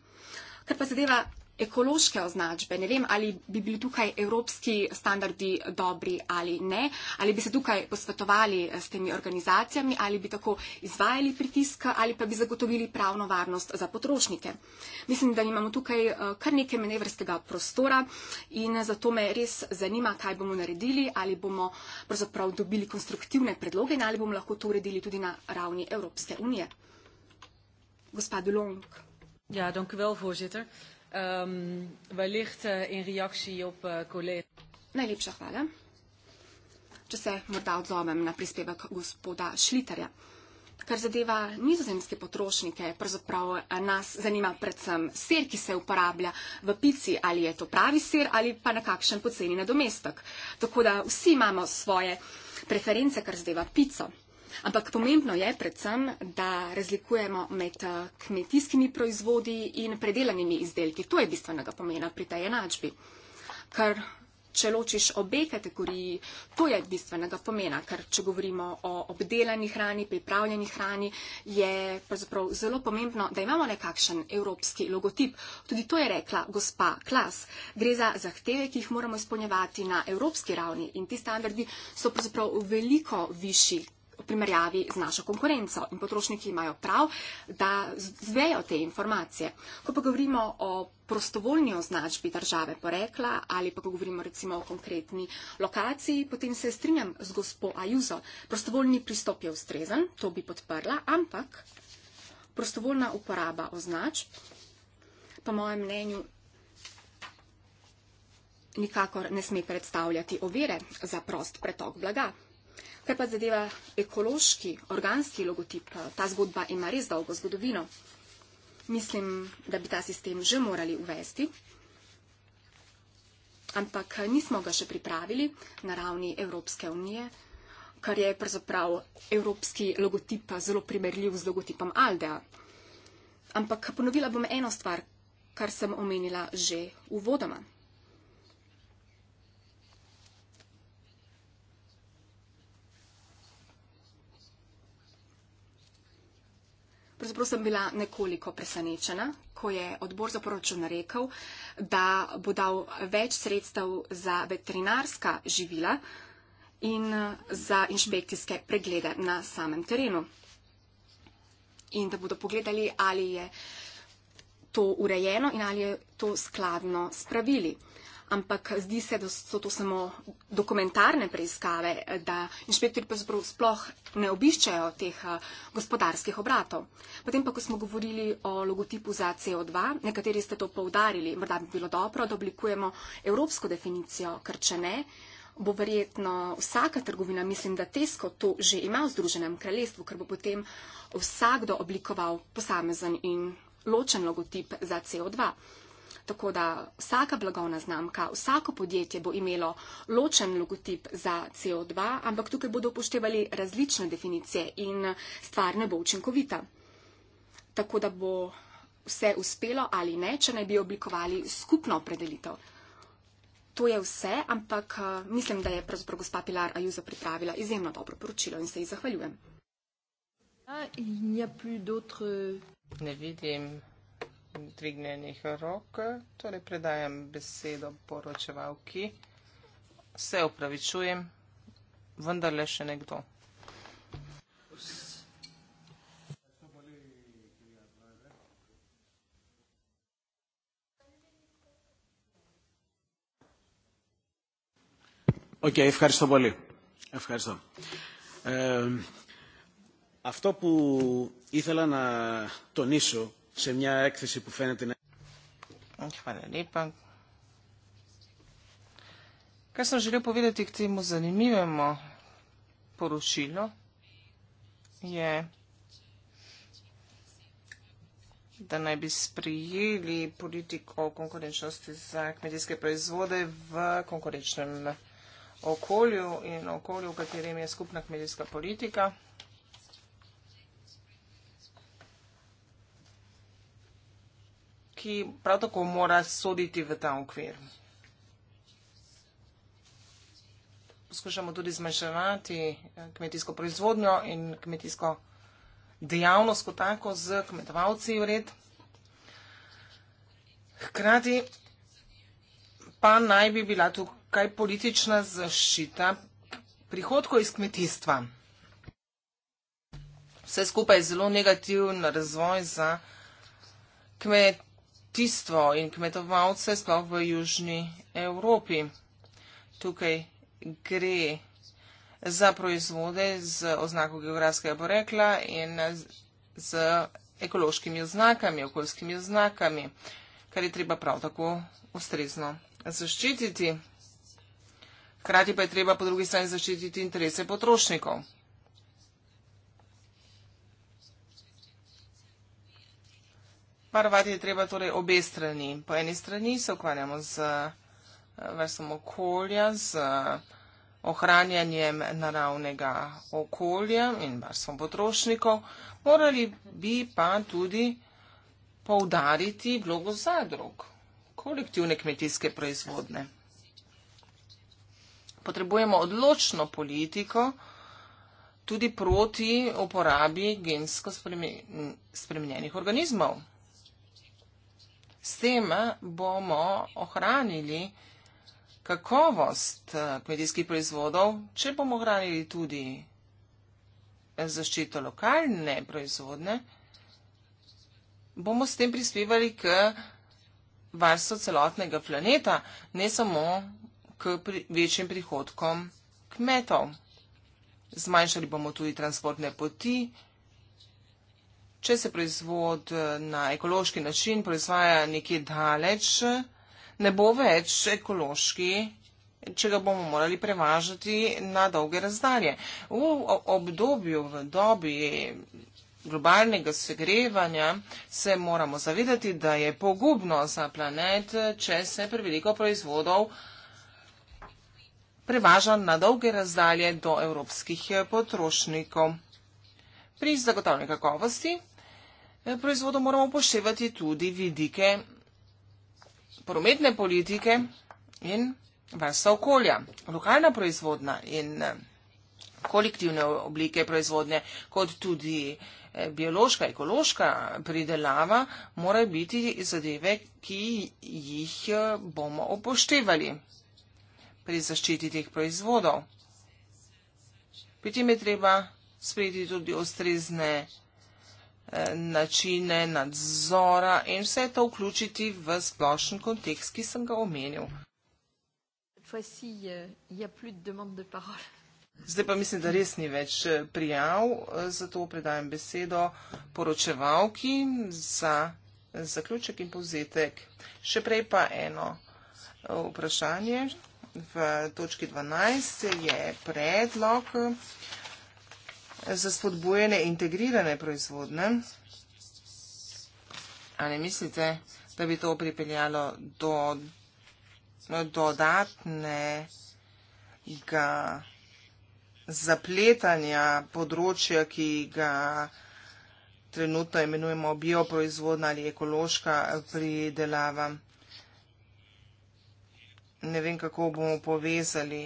Kar pa zadeva ekološke označbe. Ne vem, ali bi bili tukaj evropski standardi dobri ali ne, ali bi se tukaj posvetovali s temi organizacijami, ali bi tako izvajali pritisk ali pa bi zagotovili pravno varnost za potrošnike. Mislim, da imamo tukaj eh, kar nekaj menevrskega prostora in zato me res zanima, kaj bomo naredili, ali bomo pravzaprav dobili konstruktivne predloge in ali bomo lahko to uredili tudi na ravni Evropske unije. Gospod Dulong. Ja, dank u wel, voorzitter um, wellicht uh, in reactie op uh, collega. Najlepša hvala. Če se morda odzovem na prispevek gospoda Šliterja. Kar zadeva nizozemske potrošnike, pravzaprav eh, nas zanima predvsem sir, ki se uporablja v pici, ali je to pravi sir ali pa na kakšen poceni nadomestek. Tako da vsi imamo svoje preference, kar zadeva pico. Ampak pomembno je predvsem, da razlikujemo med eh, kmetijskimi proizvodi in predelanimi izdelki. To je bistvenega pomena pri tej enačbi. Ker če ločiš obe kategoriji, to je bistvenega pomena, ker če govorimo o obdelani hrani, pripravljeni hrani, je pravzaprav zelo pomembno, da imamo nekakšen evropski logotip. Tudi to je rekla gospa Klas. Gre za zahteve, ki jih moramo izpolnjevati na evropski ravni in ti standardi so pravzaprav veliko višji, v primerjavi z našo konkurenco in potrošniki imajo prav, da zvejo te informacije. Ko pa govorimo o prostovoljni označbi države porekla ali pa ko govorimo recimo o konkretni lokaciji, potem se strinjam z gospo Ajuzo. Prostovoljni pristop je ustrezen, to bi podprla, ampak prostovoljna uporaba označb po mojem mnenju nikakor ne sme predstavljati ovire za prost pretok blaga. Kaj pa zadeva ekološki, organski logotip, eh, ta zgodba ima res dolgo zgodovino. Mislim, da bi ta sistem že morali uvesti, ampak eh, nismo ga še pripravili na ravni Evropske unije, kar je pravzaprav evropski logotip eh, zelo primerljiv z logotipom Aldea. Ampak ponovila bom eno stvar, kar sem omenila že uvodoma. pravzaprav sem bila nekoliko presenečena, ko je odbor za proračun rekel, da bo dal več sredstev za veterinarska živila in eh, za inšpekcijske preglede na samem terenu. In da bodo pogledali, ali je to urejeno in ali je to skladno s pravili. Uh, ampak zdi se, da so to samo dokumentarne preiskave, da inšpektori sploh ne obiščajo teh eh, gospodarskih obratov. Potem pa, ko smo govorili o logotipu za CO2, nekateri ste to poudarili, morda bi bilo dobro, da oblikujemo evropsko definicijo, ker če ne, bo verjetno vsaka trgovina, mislim, da Tesco to že ima v Združenem kraljestvu, ker bo potem vsakdo oblikoval posamezen in ločen logotip za CO2. Tako da vsaka blagovna znamka, vsako podjetje bo imelo ločen logotip za CO2, ampak tukaj bodo upoštevali različne definicije in stvar ne bo učinkovita. Tako da bo vse uspelo ali ne, če ne bi oblikovali skupno opredelitev. To je vse, ampak eh, mislim, da je pravzaprav gospa Pilar Ajuza pripravila izjemno dobro poročilo in se ji zahvaljujem. Ah, ne vidim dvignjenih rok, torej predajam besedo poročevalki. Se upravičujem, vendar le še nekdo. Ok, ευχαριστώ πολύ. Ευχαριστώ. Ε, αυτό που ήθελα να τονίσω σε μια έκθεση που φαίνεται να. Hvala lepa. Kaj sem želel povedati k temu zanimivemu poročilu, je, da naj bi sprijeli politiko konkurenčnosti za kmetijske proizvode v konkurenčnem okolju in okolju, v katerem je skupna kmetijska politika. ki prav tako mora soditi v ta okvir. Poskušamo tudi zmanjševati eh, kmetijsko proizvodnjo in kmetijsko dejavnost kot tako z kmetovalci vred. Hkrati pa naj bi bila tukaj politična zašita prihodko iz kmetijstva. Vse skupaj je zelo negativ na razvoj za kmet, kmetijstvo in kmetovalce sploh v Južni Evropi. Tukaj gre za proizvode z oznako geografskega porekla in z ekološkimi oznakami, okoljskimi oznakami, kar je treba prav tako ustrezno zaščititi. Hkrati pa je treba po drugi strani zaščititi interese potrošnikov. Varovati je treba torej obe strani. Po eni strani se ukvarjamo z eh, vrstom okolja, z eh, ohranjanjem naravnega okolja in varstvom potrošnikov. Morali bi pa tudi poudariti vlogo zadrug, kolektivne kmetijske proizvodne. Potrebujemo odločno politiko tudi proti uporabi gensko spremenjenih organizmov. S tem bomo ohranili kakovost eh, kmetijskih proizvodov, če bomo ohranili tudi eh, zaščito lokalne proizvodne, bomo s tem prispevali k varstvu celotnega planeta, ne samo k pri, večjim prihodkom kmetov. Zmanjšali bomo tudi transportne poti, če se proizvod eh, na ekološki način proizvaja nekje daleč, ne bo več ekološki, če ga bomo morali prevažati na dolge razdalje. V obdobju, v dobi globalnega segrevanja se moramo zavedati, da je pogubno za planet, če se preveliko proizvodov prevaža na dolge razdalje do evropskih eh, potrošnikov. Pri zagotavljanju kakovosti Eh, proizvodov moramo upoštevati tudi vidike prometne politike in varstva okolja. Lokalna proizvodna in eh, kolektivne oblike proizvodnje, kot tudi eh, biološka, ekološka pridelava, morajo biti zadeve, ki jih bomo upoštevali pri zaščiti teh proizvodov. Pri tem je treba sprejeti tudi ustrezne Eh, načine nadzora in vse to vključiti v splošen kontekst, ki sem ga omenil. Zdaj pa mislim, da res ni več eh, prijav, eh, zato predajem besedo poročevalki za zaključek in povzetek. Še prej pa eno vprašanje. V točki 12 je predlog za spodbujene integrirane proizvodne. Ali mislite, da bi to pripeljalo do dodatnega zapletanja področja, ki ga trenutno imenujemo bioproizvodna ali ekološka pridelava. Ne vem, kako bomo povezali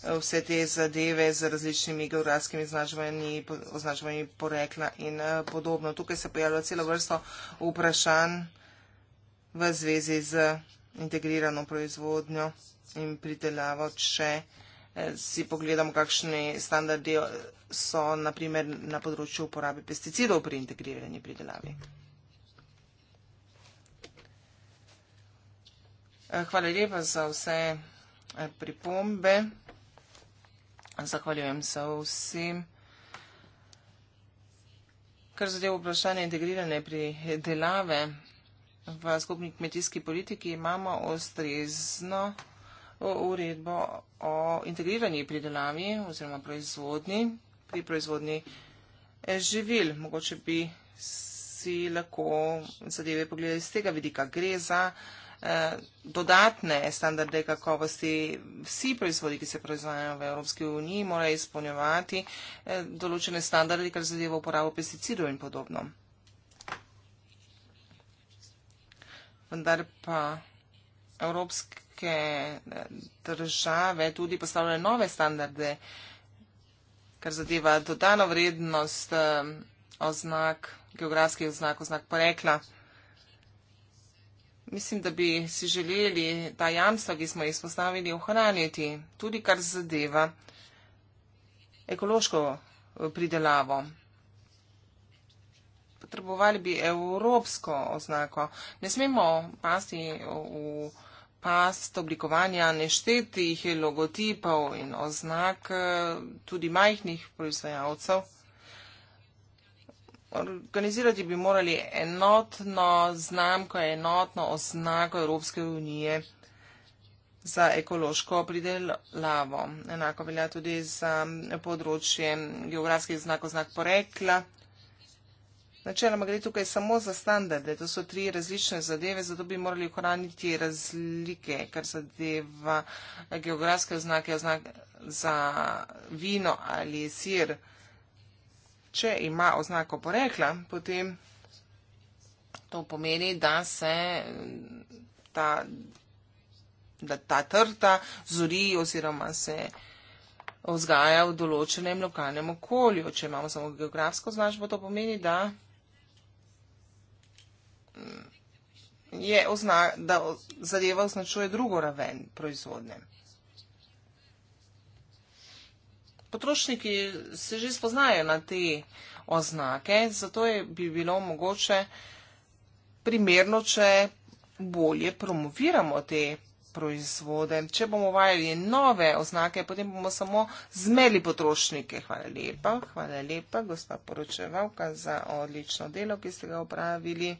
vse te zadeve z različnimi geografskimi označevanji, označevanji porekla in eh, podobno. Tukaj se pojavlja celo vrsto vprašanj v zvezi z integrirano proizvodnjo in pridelavo, če eh, si pogledamo, kakšni standardi so naprimer na področju uporabe pesticidov pri integrirani pridelavi. Eh, hvala lepa za vse pripombe. Zahvaljujem se vsem. Kar zadeva vprašanje integrirane pridelave v skupni kmetijski politiki, imamo ustrezno uredbo o integrirani pridelavi oziroma proizvodni, pri proizvodni eh, živil. Mogoče bi si lahko zadeve pogledali z tega vidika. Gre za Eh, dodatne standarde kakovosti vsi proizvodi, ki se proizvajajo v Evropski uniji, morajo izpolnjevati eh, določene standarde, kar zadeva uporabo pesticidov in podobno. Vendar pa evropske eh, države tudi postavljajo nove standarde, kar zadeva dodano vrednost oznak, geografskih oznak, oznak porekla mislim, da bi si želeli ta jamstva, ki smo jih spostavili, ohraniti, tudi kar zadeva ekološko eh, pridelavo. Potrebovali bi evropsko oznako. Ne smemo pasti v past oblikovanja neštetih logotipov in oznak eh, tudi majhnih proizvajalcev. Organizirati bi morali enotno znamko, enotno oznako Evropske unije za ekološko pridelavo. Enako velja tudi za področje geografskih znakov, znak porekla. Načeloma gre tukaj samo za standarde, to so tri različne zadeve, zato bi morali ohraniti razlike, kar zadeva geografske znake, znak za vino ali sir. Če ima oznako porekla, potem to pomeni, da se ta, da ta trta zori oziroma se vzgaja v določenem lokalnem okolju. Če imamo samo geografsko označbo, to pomeni, da mm, je ozna, da zadeva označuje drugo raven proizvodnje. potrošniki se že spoznajo na te oznake, zato je bi bilo mogoče primerno, če bolje promoviramo te proizvode. Če bomo uvajali nove oznake, potem bomo samo zmeli potrošnike. Hvala lepa, hvala lepa, gospa poročevalka, za odlično delo, ki ste ga upravili.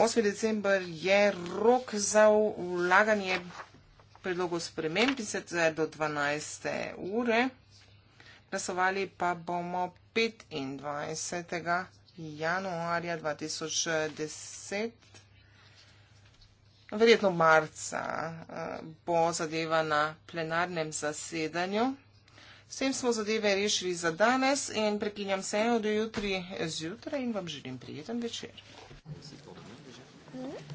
8. december je rok za vlaganje predlogu sprememb in sicer do 12. ure. Glasovali pa bomo 25. januarja 2010. Verjetno marca eh, bo zadeva na plenarnem zasedanju. S tem smo zadeve rešili za danes in prekinjam sejo do jutri zjutraj in vam želim prijeten večer. Mm-hmm.